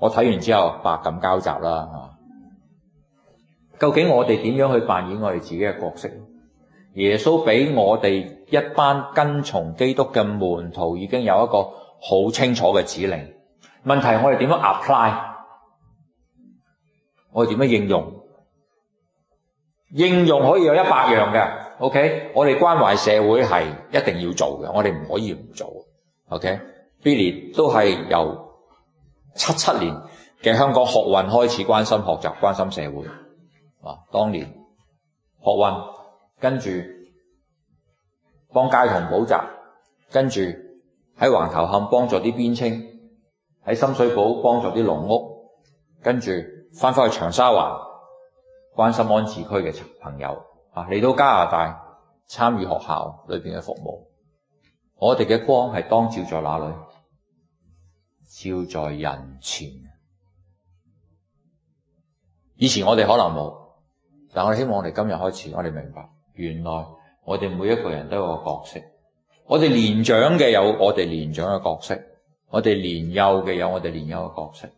[SPEAKER 1] 我睇完之後百感交集啦。究竟我哋點樣去扮演我哋自己嘅角色？耶穌俾我哋一班跟從基督嘅門徒已經有一個好清楚嘅指令。問題我哋點樣 apply？我哋點樣應用應用可以有一百樣嘅。OK，我哋關懷社會係一定要做嘅，我哋唔可以唔做。OK，Billy、OK? 都係由七七年嘅香港學運開始關心學習、關心社會啊。當年學運跟住幫街童補習，跟住喺橫頭磡幫助啲邊青，喺深水埗幫助啲農屋，跟住，翻返去長沙灣，關心安置區嘅朋友啊！嚟到加拿大參與學校裏邊嘅服務，我哋嘅光係當照在哪裏？照在人前。以前我哋可能冇，但我哋希望我哋今日開始，我哋明白原來我哋每一個人都有個角色。我哋年長嘅有我哋年長嘅角色，我哋年幼嘅有我哋年幼嘅角色。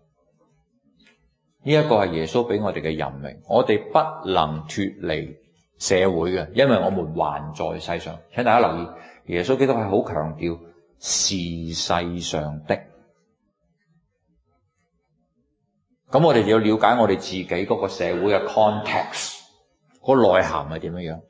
[SPEAKER 1] 呢一個係耶穌俾我哋嘅任命，我哋不能脱離社會嘅，因為我們還在世上。請大家留意，耶穌基督係好強調是世上的，咁我哋就要了解我哋自己個社會嘅 context，個內涵係點樣樣，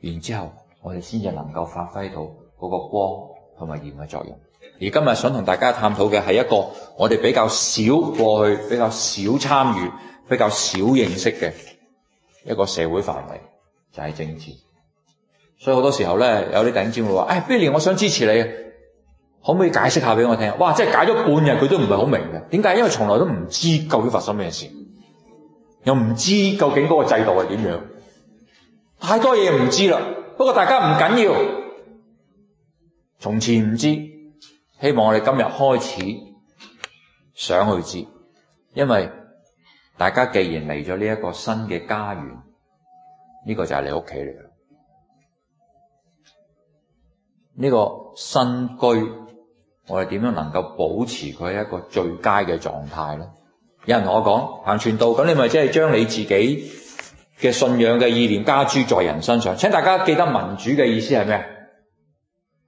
[SPEAKER 1] 然之後我哋先至能夠發揮到個光同埋鹽嘅作用。而今日想同大家探討嘅係一個我哋比較少過去、比較少參與、比較少認識嘅一個社會範圍，就係政治。所以好多時候咧，有啲頂尖會話：哎，Billy，我想支持你，啊，可唔可以解釋下俾我聽？哇，即係解咗半日，佢都唔係好明嘅。點解？因為從來都唔知究竟發生咩事，又唔知究竟嗰個制度係點樣，太多嘢唔知啦。不過大家唔緊要，從前唔知。希望我哋今日開始想去接，因為大家既然嚟咗呢一個新嘅家園，呢個就係你屋企嚟嘅。呢個新居，我哋點樣能夠保持佢一個最佳嘅狀態咧？有人同我講，行傳道咁，你咪即係將你自己嘅信仰嘅意念加諸在人身上。請大家記得民主嘅意思係咩？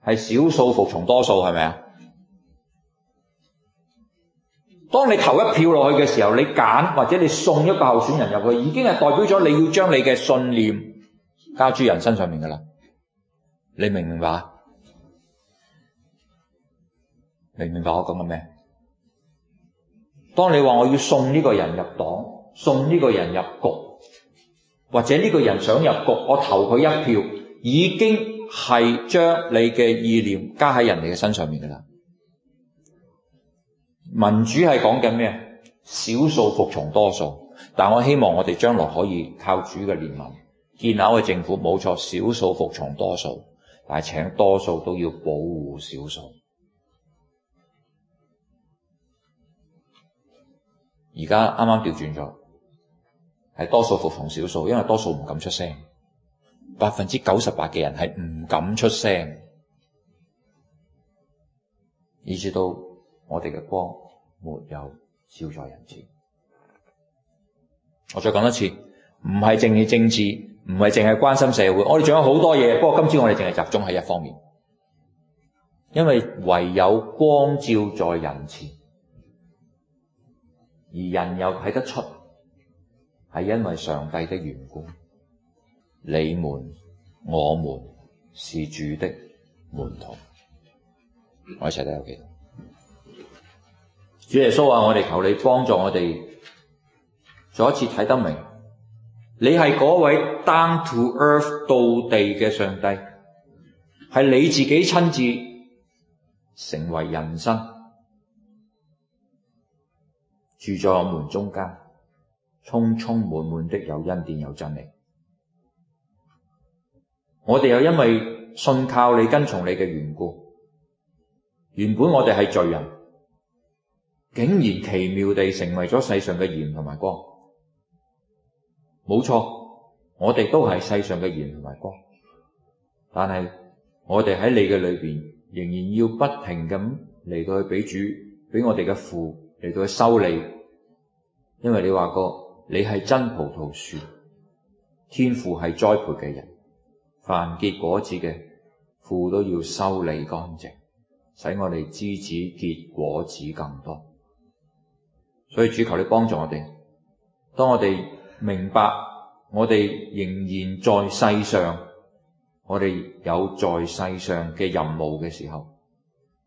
[SPEAKER 1] 係少數服從多數，係咪啊？當你投一票落去嘅時候，你揀或者你送一個候選人入去，已經係代表咗你要將你嘅信念加諸人身上面噶啦。你明唔明白？明唔明白我講緊咩？當你話我要送呢個人入黨、送呢個人入局，或者呢個人想入局，我投佢一票，已經係將你嘅意念加喺人哋嘅身上面噶啦。民主係講緊咩？少數服從多數，但我希望我哋將來可以靠主嘅聯盟建立嘅政府，冇錯，少數服從多數，但係請多數都要保護少數。而家啱啱調轉咗，係多數服從少數，因為多數唔敢出聲，百分之九十八嘅人係唔敢出聲，以至到。我哋嘅光沒有照在人前。我再講多次，唔係淨係政治，唔係淨係關心社會。我哋仲有好多嘢，不過今朝我哋淨係集中喺一方面，因為唯有光照在人前，而人又睇得出，係因為上帝的緣故。你們、我們是主的門徒，我一齊喺度祈主耶穌話：我哋求你幫助我哋再一次睇得明，你係嗰位 down to earth 道地嘅上帝，係你自己親自成為人身。住在我們中間，充充滿滿的有恩典有真理。我哋又因為信靠你、跟從你嘅緣故，原本我哋係罪人。竟然奇妙地成為咗世上嘅鹽同埋光，冇錯，我哋都係世上嘅鹽同埋光。但係我哋喺你嘅裏邊，仍然要不停咁嚟到去俾主俾我哋嘅父嚟到去修理，因為你話過你係真葡萄樹，天父係栽培嘅人，凡結果子嘅父都要修理乾淨，使我哋枝子結果子更多。所以主求你幫助我哋。當我哋明白我哋仍然在世上，我哋有在世上嘅任務嘅時候，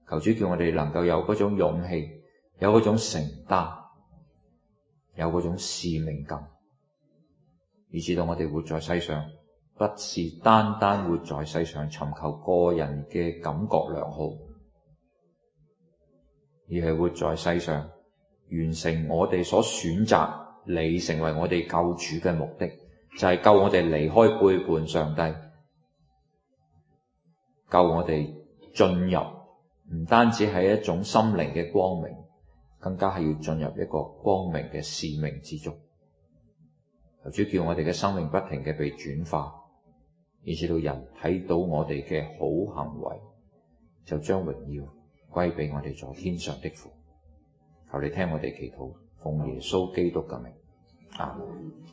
[SPEAKER 1] 求主叫我哋能夠有嗰種勇氣，有嗰種承擔，有嗰種使命感，而至到我哋活在世上，不是單單活在世上尋求個人嘅感覺良好，而係活在世上。完成我哋所選擇，你成為我哋救主嘅目的，就係、是、救我哋離開背叛上帝，救我哋進入唔單止係一種心靈嘅光明，更加係要進入一個光明嘅使命之中。主叫我哋嘅生命不停嘅被轉化，以至到人睇到我哋嘅好行為，就將榮耀歸俾我哋做天上的父。求你聽我哋祈禱，奉耶穌基督嘅名，阿們！